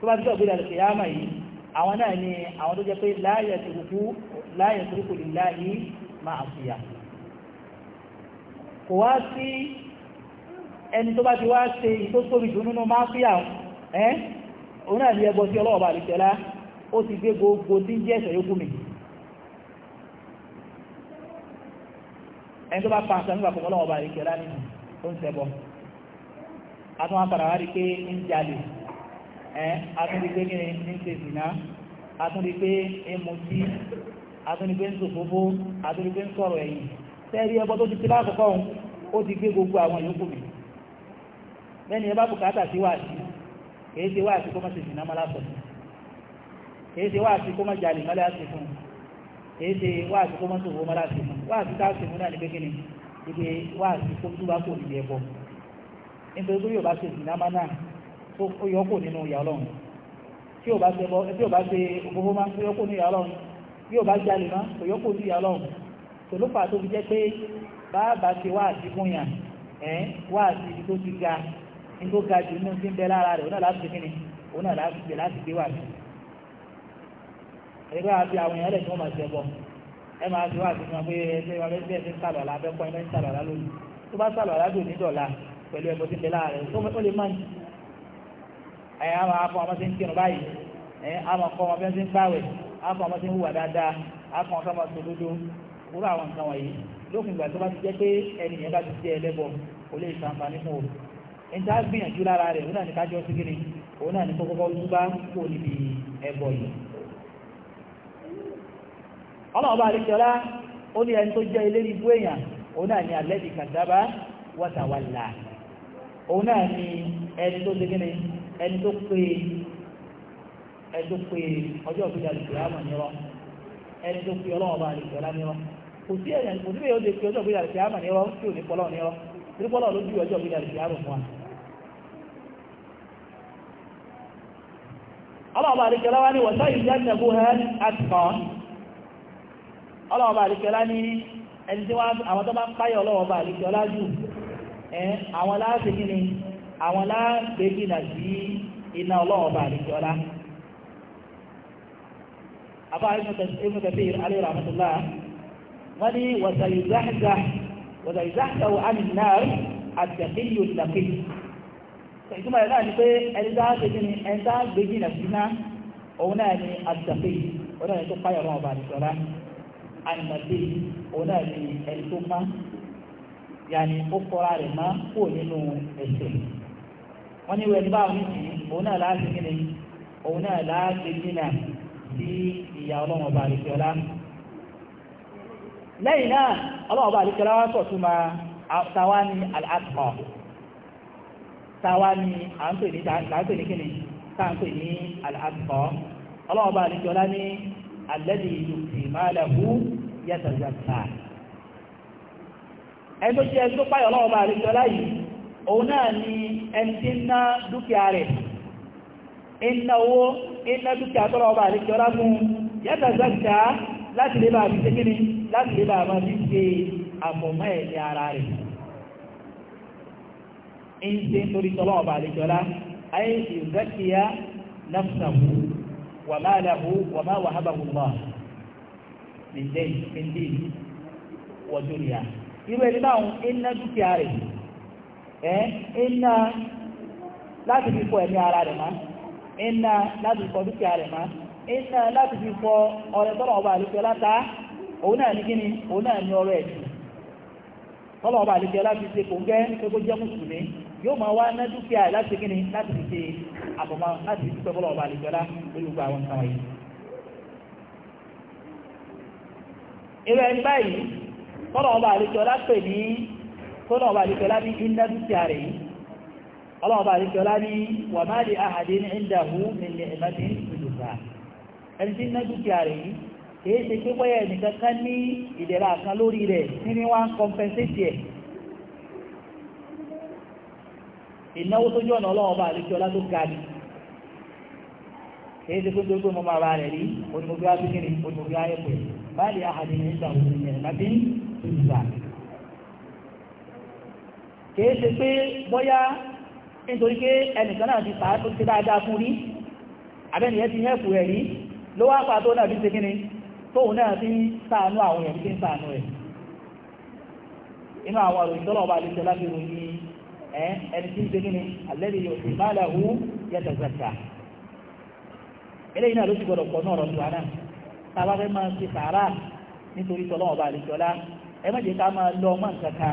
tó bá dídọ̀ gbéra kìyàmà yìí àwọn náà ni àwọn tó jẹ́ pé láyẹ̀ tìrúkù lillahi máa fìyà kò wá sí ẹni tó bá ti wá ṣe ìtótóbi jù nínú máa fìyà ẹ́ òun náà ní ẹgbọ́ sí ọlọ́ọ̀bà àlìṣẹ́lá ó ti gbé gbogbo tí ń jẹ́ ẹ̀ṣẹ̀ yókù atúndí pé kíni ní ṣe ìsìná atúndí pé emutí atúndí pé ń sòfófó atúndí pé ń sọ̀rọ̀ ẹ̀yìn tẹ́rí ẹbọ tó ti ti lákòókò òun ó ti gbé gbogbo àwọn yòókù mi bẹ́ẹ̀ni ẹ bá bùkátà sí wáàsí kìí ṣe wáàsí kó má ṣe ìsìná mọ́lá sọ̀tún kìí ṣe wáàsí kó má jalè mọ́lá sí fún kìí ṣe wáàsí kó má sòfó a sì fún náà ní pé kíni ìgbé wáàsí kó túbá kò ní ẹbọ nítorí pé yóò tó yọkù nínú ìyà ọlọ́run tí ò bá ṣe òfófó máa tó yọkù nínú ìyà ọlọ́run bí ò bá jalè máa tó yọkù nínú ìyà ọlọ́run tó ló fà tó fi jẹ́ pé bàbá ṣe wá àti fún yàn ẹ̀ wá àti ibi tó ti ga ní tó ga jù nínú tí ń bẹ lára rẹ̀ òun náà láti kíni òun náà láti gbé láti gbé wà sí ẹgbẹ́ àti àwọn èèyàn lẹ̀ tí wọ́n máa ṣe bọ̀ ẹ máa ṣe wá àti fún wọn pé ẹgbẹ́ ti ń sàlọ̀ àlá ẹ̀ á máa fún ọmọ tí ń kírun báyìí ẹ̀ á máa kọ́ ọmọ bí wọ́n ti ń gbàwẹ̀ á fún ọmọ tí ń hùwà dáadáa á fún ọmọ tó dúdú kúrò àwọn nǹkan wọ̀nyí lókun ìgbà tó bá ti jẹ́ pé ẹnìyàn bá ti jẹ́ ẹlẹ́bọ kò lè ṣàǹfààní fún o ẹni tá a gbìyànjú lára rẹ̀ òun náà ní kájọ́ sí kiri òun náà ní kó kọ́kọ́ túbá kó níbi ẹbọ yìí ọlọ́ọ̀bá àríkẹ́lá ó ní ẹni tó jẹ́ ilé ní ibú èèyàn òun náà ni alẹ́dì kàdábá wàtàwàlà òun náà ni ẹni tó ṣe kí ẹni tó pé ẹni tó pé ọjọ́ òkúta àlùkòyà mọ̀ nírọ̀ ẹni tó pé ọlọ́wọ́ bá àlùkòyà nírọ̀ kò sí ẹ̀yà kò sí ẹ̀yà pé ọjọ́ òkúta àlùkòyà mọ̀ nírọ̀ tí ò ní pọ́lọ́ nírọ̀ torí pọ́lọ́ ló ju ọjọ́ òkúta àlùkòyà mọ̀ fún wa. ọlọ́wọ́ bá àlùkòyà wá ní wọ́n sáyìn jẹ́nàbù hẹ́n àtìkọ́ ọlọ́wọ́ bá àlùkòyà ní ẹni tí wọ́n àwọn tó bá ń páyọ̀ ọlọ́wọ́ bá àwọn láàgbégi nà sí iná ọlọ́wọ́ bá àlejò ọlá àbá ibn Kathir alayhi rahmatullah wọ́n ní wàtàyìzáhà wà á nìyà àtẹ̀kíyò ìdàkì ìtumọ̀ náà ni pé ẹni tá gbégi ni ẹni tá gbégi nà sí iná òun náà ni àtẹ̀kí òun náà ni tó páyọ̀ ọlọ́wọ́ bá àlejò ọlá ànàbí òun náà ni ẹni tó má yàní ó kọ́ra rẹ̀ má kúrò nínú ẹ̀ṣẹ̀ wọ́n ní ìwẹ̀ níbà ní ìsìn òun náà láti kíni òun náà láti dínà sí ìyá ọlọ́run ọba àlùfẹ́ọ́lá lẹ́yìn náà ọlọ́run ọba àlùfẹ́ọ́lá wá sọ̀ tún máa tàwa ní àtọ̀ tàwa ní à ń pè ní tàǹpè ní kíni tàǹpè ní àtọ̀ ọlọ́run ọba àlùfẹ́ọ́lá ní alẹ́dì yùtì máa lẹ́hu ẹni tó jẹ́ ẹni tó páyọ̀ ọlọ́run ọba àlùfẹ́ọ́lá yìí òun náà ni ẹni tí ń ná dúkìá rẹ̀ iná owó iná dúkìá tọ́rọ ọba àríkẹ́ ọlágún yẹ́ta zaka láti lè bá àbí tẹ́kíní láti lè bá àbá bí ṣe àmọ̀mọ́ ẹ̀mí ara rẹ̀ ń ṣe nítorí tọ́rọ ọba àríkẹ́ ọlá ayé ìzẹ́kìá nafsahu wà máa ẹ́ iná láti fi fọ ẹ̀mí ara rẹ̀ máa iná láti fi fọ dúkìá rẹ̀ máa iná láti fi fọ ọrẹ tọ́lọ̀ ọba àlùfẹ́ látá òun náà ní kíni òun náà ní tọ́lọ̀ ọba láti ṣe kò gẹ́ jẹ́ mùsùlùmí yóò máa wá ná dúkìá láti láti fi ṣe àbọ̀mọ́ láti fi tọ́lọ̀ ọba lá tọ́lọ̀ ọba àdìkọ́lá ní iná dúkìá rẹ̀ yìí ọlọ́wọ́ ọba àdìkọ́lá ní wà má lè àhàdé ní ìdáhù nílẹ̀ ìbáṣe ìdùkà ẹni tí iná dúkìá rẹ̀ yìí kìí ṣe pé ní ìdẹ̀ra kan lórí rẹ̀ tí wá ẹ̀ ni kìí ṣe pé bọ́yá nítorí pé ẹnìkan náà ti pàá tó ti dáadáa fún rí abẹ́niyẹ ti yẹ́kù rẹ̀ rí ló wá pàá tó náà fi ṣe kíni tóun náà fi ń ṣàánú àwọn èèyàn fi ń ṣàánú rẹ̀ inú àwọn àròyìn tọ́lọ̀ ọba àti ìṣẹ́lá fi ròyìn ẹni tí ń ṣe kíni alẹ́bí yóò fi máa làwú yẹtẹ̀ zẹ̀tà eléyìí náà ló ti gbọdọ̀ pọ̀ náà lọ́dún àná tá a bá fẹ́ máa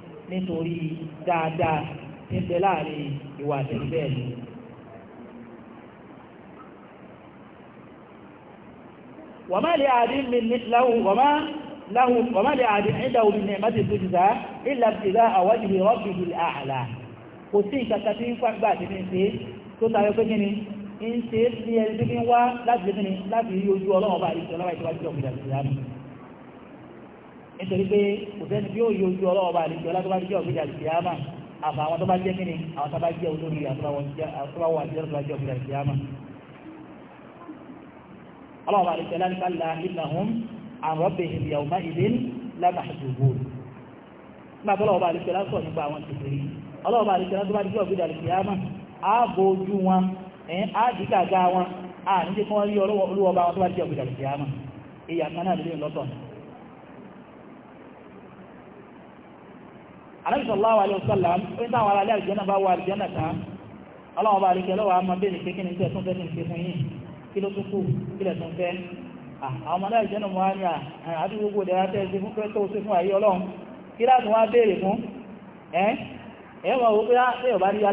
nítorí dáadáa tí ń bẹ láàrin ìwà àtẹ̀lẹ́ ẹ̀mí. wàmá lè àdín mi láwùn wàmá láhùn wàmá lè àdín ẹ̀dà omi ní ẹ̀mọ́tì tó jìdá ìlà ìlà àwájú rọ́bìbì àhàlà kò sí ìkàkà tí ń pàgbà àti ní ṣe tó tayọ pé gíní ń ṣe é sí ẹni tó ń wá láti lé gíní láti rí ojú ọlọ́run bá àdìsọ́ lọ́wọ́ ìtọ́wájú ọ̀gbìn àti ìyá mi nítorí pé kò sẹ́ni bí ó yọ ojú ọlọ́wọ́ bá àlejò ọlá tó bá jẹ́ ọ̀gbẹ́jà kìámà àfà àwọn tó bá jẹ́ kíni àwọn tó bá jẹ́ olórí àtúbáwọ̀ àjẹ́ tó bá jẹ́ ọ̀gbẹ́jà kìámà ọlọ́wọ́ bá àlejò ọlá ní kálá ìlàhùn àrọ́bẹ̀ ìyàwó má ìdí lábàṣẹ̀gbò nígbà tó lọ́wọ́ bá àlejò ọlá sọ nípa àwọn tìtìrì ọlọ́wọ́ bá àlejò ọlá tó bá jẹ́ ọ̀gbẹ́jà kìámà ààbò ojú wọn ẹ̀yìn àdìgàgà wọn àníjẹ́ kí wọ́n rí ọlọ́wọ́ bá wọn tó bá jẹ́ ọ̀gbẹ́jà kìámà ìyà kan náà lè lọ́tọ̀ Ànábì sallallahu alaihi wasallam ó ní táwọn aráalé àlùjànnà bá wọ àlùjànnà ta ọlọ́wọ́n bá rí kẹlọ́wọ́ àmọ́ bẹ́ẹ̀ ni pé kí ni tẹ́ tún fẹ́ tún ṣe fún yín kí ló tún kù kí lẹ̀ tún fẹ́ àwọn ọmọdé àlùjànnà mọ́ ní àti gbogbo ìdára tẹ́ ṣe fún tó ṣe fún ayé ọlọ́run kí láti wá béèrè fún ẹ ẹ mọ̀ wọ́n pé rí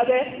aláṣẹ jù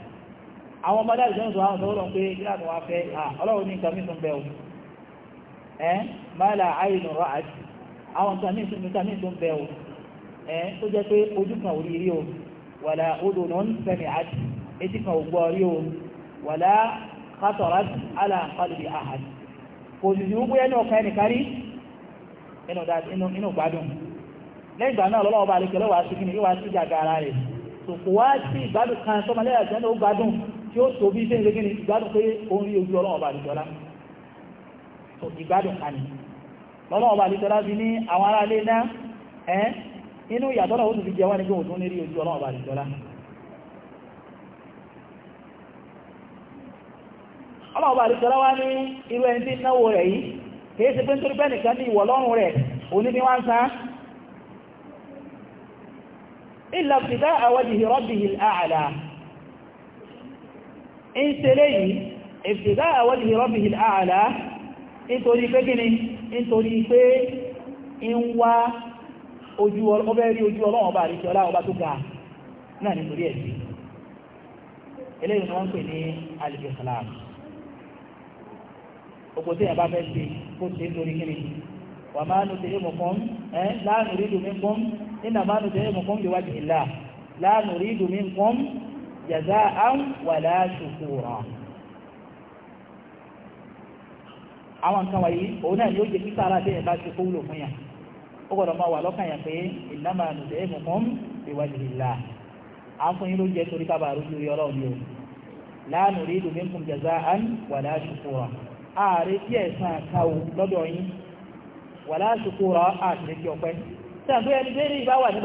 àwọn ọmọdé àìsàn sọ àwọn ọ̀sọ̀rọ̀ pé kíláàtọ̀ wá fẹ́ ọlọ́run ní nǹkan mìíràn bẹ̀rù ẹ́ mọ́lá àìsàn rọ àti àwọn nǹkan mìíràn bẹ̀rù ẹ́ tó jẹ́ pé ojú kan ò rí rí o wàlá odò náà ń fẹ́mi àti etí kan ò gbọ́ rí o wàlá kátọ̀rọ̀ àti aláǹkálùbí àhàdì kò sì sí wípé ẹni ọ̀kan ẹnì tí ó so bí sẹ́yìn lẹ́gbẹ̀ẹ́ ìgbádùn pé òun rí ojú ọlọ́wọ́ bá àdìjọ́lá ìgbádùn kan ni lọ́wọ́ àdìjọ́lá bí ní àwọn ará ilé náà ẹ́ inú ìyàtọ̀ ó sì ní òun rí ojú ọlọ́wọ́ àdìjọ́lá ọlọ́wọ́ àdìjọ́lá wá ní irú ẹni tí náwó rẹ̀ yìí kìí pé nítorí nìkan ní ìwọ̀ lọ́rùn ń ṣe léyìí ìfìdá àwọn ìrọ́bì ààlá nítorí pé gíní nítorí pé ń wá ojú ọbẹ̀ rí ojú ọlọ́wọ̀n bá àríkẹ́ ọlá ọba tó ga náà nítorí ẹ̀sí eléyìí ni wọ́n ń pè ní alìfẹ́sàlám òkò tí ẹ̀bá fẹ́ ṣe kó ṣe nítorí gíní jaza'an wala shukura àwọn nǹkan wáyé òun náà yóò jẹ́ kí sára bẹ́ẹ̀ bá ṣe kó wúlò fún yàn ó gbọ́dọ̀ máa wà lọ́kàn yàn pé innama nud'imukum liwajhillah à ń fún yín ló jẹ́ torí ká bàa rújú ọlọ́run ni o la nuridu minkum jaza'an wala shukura ààrẹ tí ẹ̀sán àkáwò lọ́dọ̀ yín wala shukura àtìlẹ́kì ọ̀pẹ́ sàǹtó ẹni bẹ́ẹ̀ ní ìbáwà ní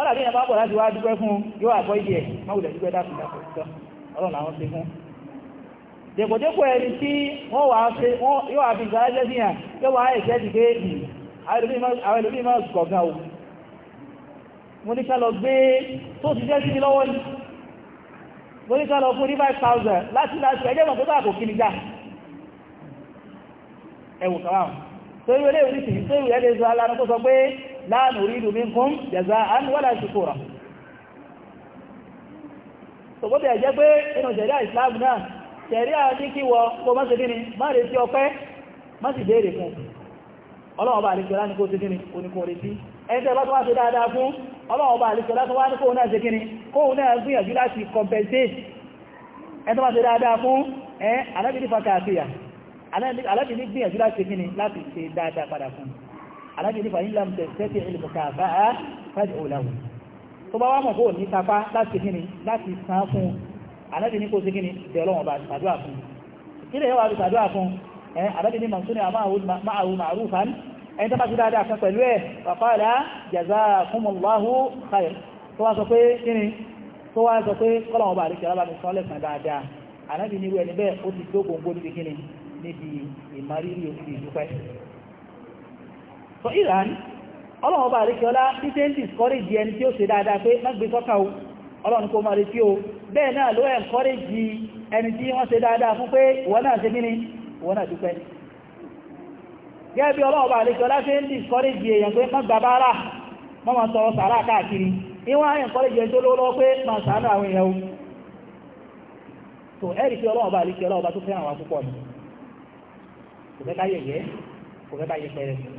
kọ́lá bí ẹ̀bá pọ̀ láti wá dúpẹ́ fún yóò àgbọ́ ìdí ẹ̀ máwùlẹ̀ dúpẹ́ dákùn dákùn tọ́ ọlọ́run àwọn ṣe fún dẹ̀kọ̀dẹ́kọ̀ ẹni tí wọ́n wà ṣe yóò àfi ìgbàlájẹ́ sí yàn yóò wà ẹ̀ṣẹ́ ti gbé ìlú àwọn ẹlòmí máa gọ̀gán la nuridu minkum jaza'an wala shukura tòbóbi ẹ̀jẹ́ pé inú ṣẹ̀ríà islam náà a ní kí wọ kó mọ́ sí gíní má rí sí ọpẹ́ má sì béèrè fún ọlọ́wọ́ bá àlìkọ́lá ní kó sí gíní rí sí ẹni tẹ́ bá tó wá dáadáa fún ọlọ́wọ́ bá tó wá ní náà gíní alábi nípa yìí lámùtẹ̀ tẹ́tì ìlùmùkà bá a fájì òlàwù tó bá wà mọ̀ kó ní tapá láti kíni láti san fún alábi ní kó sí kíni bẹ̀rẹ̀ wọn bá ṣàdúrà fún kílẹ̀ yóò wà bí ṣàdúrà fún ẹ alábi ní mọ̀túnì àmàwù màrúfàn ẹni tó bá ti dáadáa kan pẹ̀lú ẹ̀ fàfàlà jazakumullahu khair tó wá sọ pé kíni tó wá sọ pé ní irú ẹni bẹ́ẹ̀ níbi kíni níbi òfin ìdúpẹ́ so iran ọlọ́run bá àríkíọlá títẹ́ ń discourage ẹni tí ó ṣe dáadáa pé mẹ́gbẹ́ sọ́kà o ọlọ́run kó máa retí o bẹ́ẹ̀ náà ló encourage ẹni tí wọ́n ṣe dáadáa fún pé wọ́n náà ṣe gíní wọ́n náà dúpẹ́ gẹ́gẹ́ bí ọlọ́run bá tó o kò fẹ́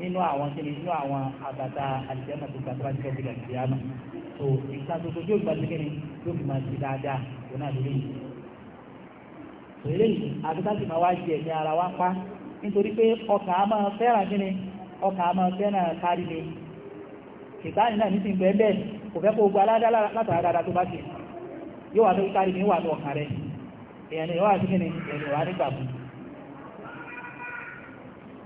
nínú àwọn kíni nínú àwọn àbàtà àlìjẹ́mà tó gbà tó bá ti fẹ́ ti gà sí àmà tó ìta tó tó yóò gbà sí kíni yóò fi máa ti dáadáa tó náà lórí yìí. tòlẹ́ yìí àbíká sì máa wá jẹ ní ara wa pa nítorí pé ọkà á máa fẹ́ràn kíni ọkà á máa fẹ́ràn kárí ni kìtáàní náà nísìnyí bẹ́ẹ̀ bẹ́ẹ̀ kò fẹ́ kó gba aládá látara dáadáa tó bá ti yóò wá tó kárí ni wà ní ọkà rẹ̀ èèyàn ni wà á ti kíni èèyàn wà á nígbà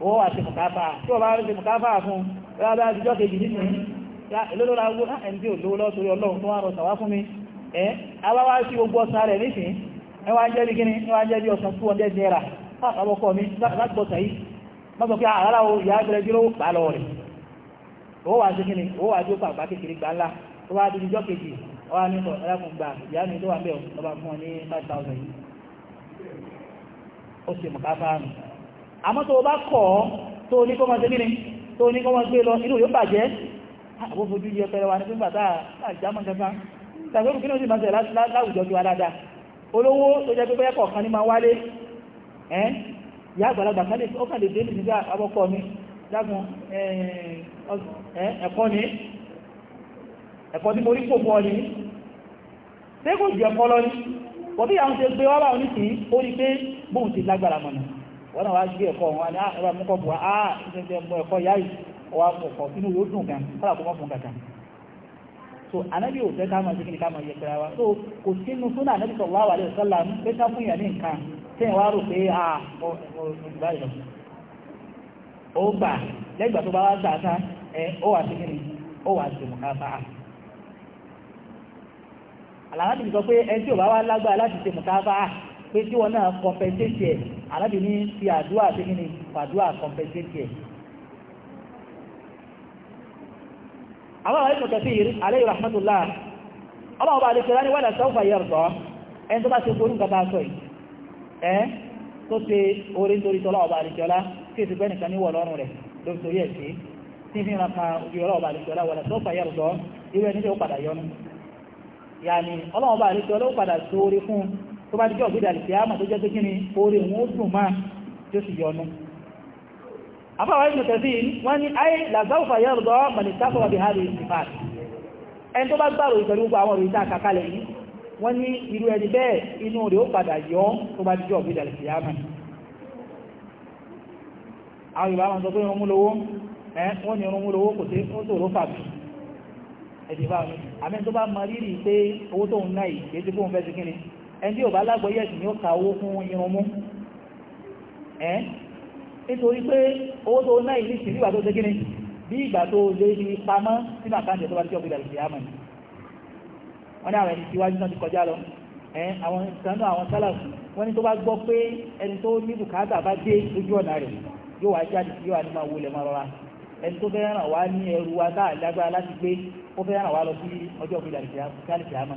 ó wà ṣe mùkáfà tí ó bá rí ṣe mùkáfà fún rárá àtijọ́ kejì nínú ya ìlólóra owó náà ẹni tí ò lówó lọ́tòrí ọlọ́run tó wá rọ sàwá fún mi ẹ́ awáwá sí gbogbo ọ̀sán rẹ̀ nísìn ẹ wá jẹ́ bí kíní ẹ wá jẹ́ bí ọ̀sán two hundred naira fáfàbọ́kọ mi láti bọ́sà yìí mọ́sọ̀ pé àrárá ah, o ìyá abẹ́rẹ́ dúró pa lọ rẹ̀ ó wà sí kíní ó wà dúró pàpà kékeré gbà ńlá tó wá di ìjọ́ kejì ọ wá ní ọ̀rẹ́kùn gbà ìyá mi tó wà bẹ́ẹ̀ ọ àmọ́ tó bá kọ̀ ọ́ tó ní kọ́ máa ṣe kíni tó ní kọ́ máa gbé lọ inú yóò bàjẹ́ ah, àwọn fojú yẹ pẹ̀lẹ́ wa ní fún bàtà àjámọ̀ kankan tàbí kí ní ó sì máa ṣe láwùjọ ju aláda olówó tó jẹ́ pé bẹ́ẹ̀kọ̀ kan ní máa wálé ẹ́ ìyá àgbàlagbà kan lè ọkàn lè dé ní nígbà abọ́kọ̀ mi dágun ẹ̀kọ́ ni ẹ̀kọ́ tí mo rí kò fún ni ṣé kò jù ẹ̀kọ́ lọ ni wọ́n bí àwọn ṣe gbé wá bá ó rí pé bóun ti mọ̀nà wọn náà wá gbé ẹ̀kọ́ wọn ah, ah, ni ẹ̀rọ amúkọ̀ bùwá á ìṣẹ̀ṣẹ̀ mọ ẹ̀kọ́ yá yìí ọwọ́ ọkọ̀ inú yóò dùn gan kọ́lá kó mọ́ fún kàkà so anabi ò fẹ́ ká máa ṣe kí ni ká máa yẹ pẹ́ra wa so kò sínú súnà anabi sallallahu alaihi wasallam pé ká fún yàn ní nǹkan tẹ́yìn wá rò pé a ah, mo gbà ìlọ ó gbà lẹ́gbà tó bá wá gbà tán ẹ ó wà sí kí ni ó wà sí mùkáfà àlàáfíà sọ pé ẹ tí ò bá wá lágbára láti ṣe mùkáfà pé tí wọn náà compensate ẹ̀ alábì ní fi àdúrà sí kí ni fàdúrà compensate ẹ̀. àwọn àwọn ìfọ̀tẹ̀ sí alayhi rahmatullah ọlọ́run bá àdékẹ́lá ní wàdà sọ́fà yarda ẹni tó bá ti gbóyún kàtà sọ yìí ẹ́ tó ṣe orí nítorí tọ́lọ́run bá àdékẹ́lá kí èsì pẹ́ nìkan níwọ̀ lọ́rùn rẹ̀ lórí torí ẹ̀ sí tí fi ra kan ojú ọlọ́run bá àdékẹ́lá wàdà sọ́fà yarda irú ẹni tó padà yọnu yàní ọlọ́run bá àdékẹ́lá ó padà sóore fún tó bá díjọ́ ògbédà ìfẹ́ àmà tó jẹ́ pé kíni orí wọn ó dùn máa tí ó sì yọnu afáwà ìlú tẹ̀sí wọ́n ni ayé làzáwùfà yẹ́ ọ̀dọ́ mọ̀lẹ́sáfọ́wà bí hàrí ìfà ẹni tó bá gbàrò ìtẹ̀lú gbogbo àwọn òrìṣà àkàkalẹ̀ yìí wọ́n ní irú ẹni bẹ́ẹ̀ inú rẹ̀ ó padà yọ tó bá díjọ́ ògbédà ìfẹ́ àmà àwọn Yorùbá máa sọ pé irun múlówó wọ́n ni irun múlówó kò sí ó ṣòro fàbí ẹ̀dì bá wọn àmì tó bá mọ rírì pé owó tóun náà yìí kì í ti fóun fẹ́ sí kíni ẹni tí ò bá lágbọ́yé ẹ̀sìn ni ó ka owó fún irun mú ẹ́ nítorí pé owó tó náà ìlú sí nígbà tó ṣe kíni bí ìgbà tó lé ní pamọ́ sínú àkáǹtì tó bá tí ọ̀gbìn àlùfẹ́ àmọ́ ni wọ́n ní àwọn ẹni tí wájú náà ti kọjá lọ ẹ́ àwọn ìsànú àwọn sálàfù wọ́n ní tó bá gbọ́ pé ẹni tó ní bùkátà bá dé lójú ọ̀nà rẹ̀ yóò wá jáde yóò wá ní máa wọlé máa rọra ẹni tó fẹ́ràn wá ní ẹrù wa láàlágbára láti gbé ó fẹ́ràn wá lọ sí ọjọ́ ìgbàlẹ̀ kìámà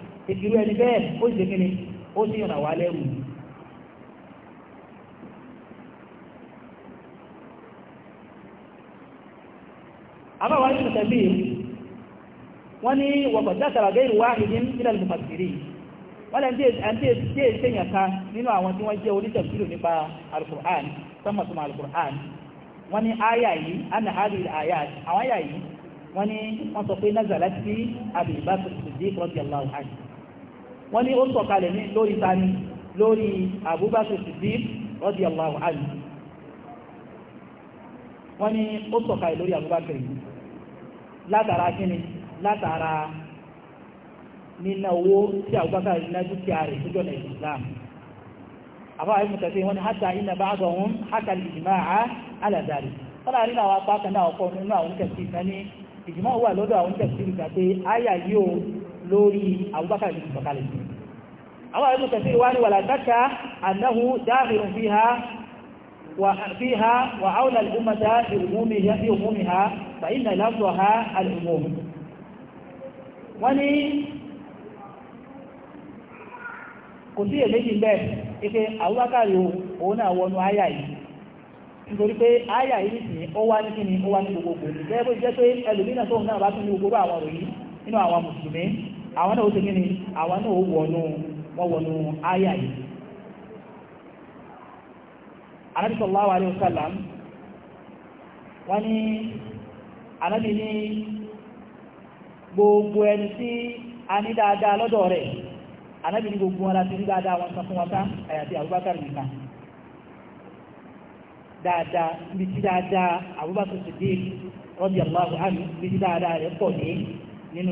irú ẹni bẹ́ẹ̀ ó sì kíni ó sì ràn wá lẹ́rù àbáwá ní ṣẹ̀tẹ̀bí wọ́n ní wọ̀kọ̀ dátara gẹ́rù wá ìdí nílẹ̀ lùmọ̀sírí wọ́n lẹ́n tí èsì èyàn kan nínú àwọn tí wọ́n jẹ́ onítẹ̀sílò nípa alukur'an sọ́mọ̀túnmọ̀ alukur'an wọ́n ní áyà yìí anna hadhihi al àwọn áyà yìí wọ́n ní wọ́n sọ pé nazala sí Abi Bakr Siddiq radiyallahu anhu wọ́n ní ó sọ̀kalẹ̀ ní lórí tani lórí Abubakar Siddiq radiyallahu anhu wọ́n ní ó sọ̀kalẹ̀ lórí Abubakar yìí látara kíni látara nínà owó tí Abubakar nínà dúkìá rẹ̀ tó jọ̀nà Islam àbáwá ibùn tẹ̀sí wọ́n ní hátà iná bá àgbà òun hátà ìjìmáà alàdàrí wọ́n láàrin àwọn apá kan náà ọkọ̀ nínú àwọn tẹ̀sí ìfẹ́ ní ìjìmáà lórí Abubakar ní ìgbàkalẹ̀ àwọn àwọn ìtọ̀sí wá ní wàlá dáka annahu dáhìrùn fiha وفيها وعون الأمة بأمومها فإن لفظها الأموم وني kò sí èméjì bẹ́ẹ̀ ike àwúwákàrí òun náà wọnú àyà yìí nítorí pé àyà yìí nìsìn ó wá ní kíni ó wá ní gbogbogbò gẹ́gẹ́ bó jẹ́ pé ẹlòmínà tóun náà bá tún ní gbogbo àwọn òyìn nínú àwọn mùsùlùmí àwọn náà ó ṣe kí ni àwọn náà ó wọnú wọn wọnú áyà yìí wọ́n gbogbo ẹni tí a ní dáadáa lọ́dọ̀ rẹ̀ anábì ní gbogbo wọn láti ní dáadáa wọn san fún wọn tán Abubakar nìkan dáadáa ibi tí dáadáa Abubakar Siddiq radiyallahu anhu dáadáa rẹ̀ pọ̀ ní nínú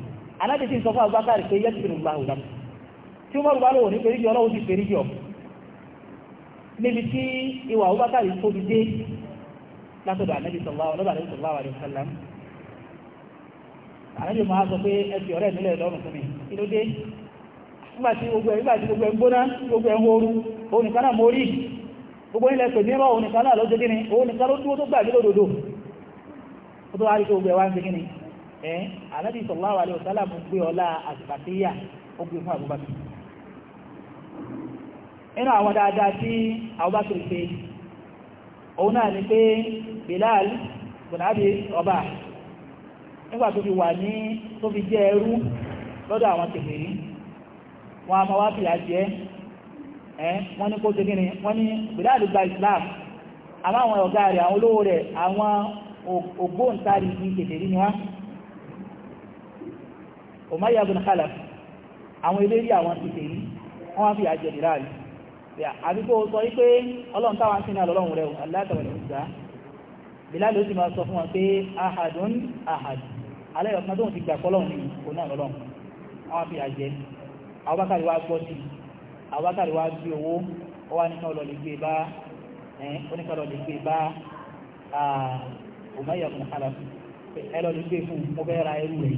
alábi ti ń sọ fún agbákàrí pé yẹ́sìkìrì gba òdà tí ó mọ́rùn bá lòun ní períjì ọlọ́run ti períjì ọ̀ níbi tí ìwà agbákàrí tóbi dé látọ̀dọ̀ anábì sallallahu alaihi wasallam anábì máa sọ pé ẹ fi ọ̀rẹ́ ìmílẹ̀ lọ́rùn fún mi kí ló dé nígbà tí gbogbo ẹ̀ gbogbo ẹ̀ ń gbóná gbogbo ẹ̀ ń horu òun nìkan náà mórí gbogbo ilẹ̀ pè mírọ̀ òun nìkan náà lọ́jọ́ gíní òun nìkan ló dúró tó gbàgbé lódodo ó tó wá rí ẹ anabi sallallahu alaihi wasallam gbé ọlá àtìpàtíyà ó gbé fún inú àwọn dáadáa tí Abubakar ṣe òun náà ni pé Bilal bin Ọba nígbà tó fi wà ní tó fi jẹ́ ẹrú lọ́dọ̀ àwọn tèmèrí wọn a máa wá fìyà jẹ wọ́n ní kó gíní Bilal gba Islam ọ̀gá rẹ̀ àwọn olówó rẹ̀ àwọn ògbóǹtarì Umayya bin Khalaf àwọn ilé rí àwọn ti tèyí wọ́n wá fi àjẹ nìlá rí àbí kó sọ wípé ọlọ́run táwọn sí ní alọ́lọ́run rẹ̀ aláàtàwẹ̀lẹ̀ òṣìṣà Bilal ló sì máa sọ fún wọn pé ahadun ahad alẹ́yọ̀kan tó ń ti gbà kọ́lọ́run ní òun náà lọ́lọ́run àwọn fi àjẹ Abubakar wá gbọ́ sí Abubakar wá gbé owó rẹ̀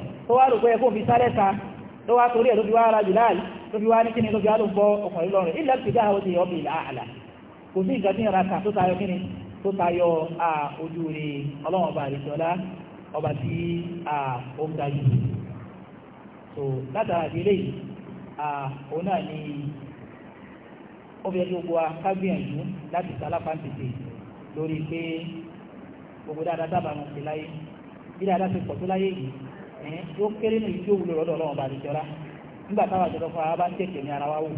tó wá rògbé ẹkùn fi sáré ta tó wá torí ẹ̀ ló fi wá ara Bilal tó fi wá ní kíni ló fi wá ló bọ́ ọkùnrin lọ́rùn ilẹ̀ ti dá àwọn èèyàn bìí láàlà kò sí nǹkan tí ìrànkà tó tayọ kíni tó tayọ ojú rè ọlọ́wọ́n ọba àdìsọ́lá ọba tí ó ń dájú so látara ìdílé yìí òun náà ni ó fi ẹni gbogbo akágbìyànjú láti sálápá tètè lórí pé gbogbo dáadáa dábàá mọ̀ sí láyé bí dáadáa ti pọ̀ tó láyé yìí yóò kéré ní ìjó wúlò lọ́dọ̀ ọlọ́run bá àdìjọ́ra nígbà táwọn àjọ lọ́kọ̀ ara bá ń tẹ̀sẹ̀ ní ara wa wò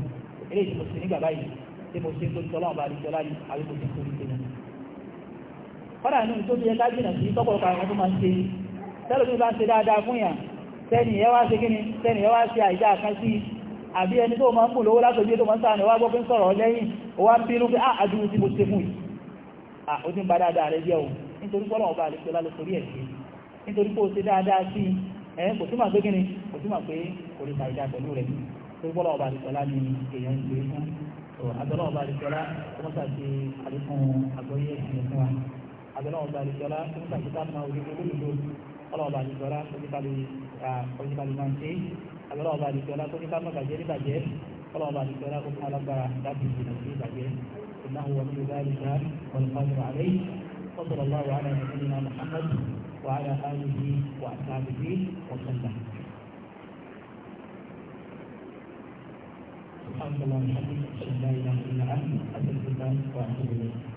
eléyìí tí mo nígbà báyìí tí mo ṣe torí tọ́lọ́run bá àdìjọ́ra ni àbí mo ṣe torí tẹ̀lé. kọ́dà inú tó ti yẹ ká jìnà sí tọ́pọ̀lọpọ̀ àwọn tó máa ń ṣe tẹ́lẹ̀ tó bá ṣe dáadáa fún tẹ́ni ẹ wá ṣe tẹ́ni ẹ wá ṣe kan sí àbí ẹni tó máa ń nítorí àlejò lálẹ́ ẹ kò túmọ̀ pé kíni kò túmọ̀ pé kò lè ṣàìdá pẹ̀lú rẹ̀ tó gbọ́dọ̀ ọba àdìsọ́lá ni èèyàn ń gbé fún tó àgbẹ̀lọ́ ọba àdìsọ́lá tó ń ṣàṣe àlékún àgbọ̀yé ẹ̀sìn fún wa àgbẹ̀lọ́ ọba àdìsọ́lá tó ń ṣàṣe táwọn olùdókòwò ọlọ́ọ̀bà àdìsọ́lá tó ní kálí máa ń ṣe àgbẹ̀lọ́ọ̀bà àdìsọ́lá tó ní ká má bàjẹ́ ní bàjẹ́ ọlọ́ọ̀bà àdìsọ́lá tó fún alágbára láti ìjìnà sí ìbàjẹ́ ìnáwó wọn ní ìbáraẹnìkan wọn ni wọn ní yìí wọ́n sọ̀rọ̀ lọ́wọ́ àwọn ẹ̀mí وعلى آله وأصحابه وسلم سبحانك الله وبحمدك أشهد أن لا إله إلا أنت أستغفرك وأتوب إليك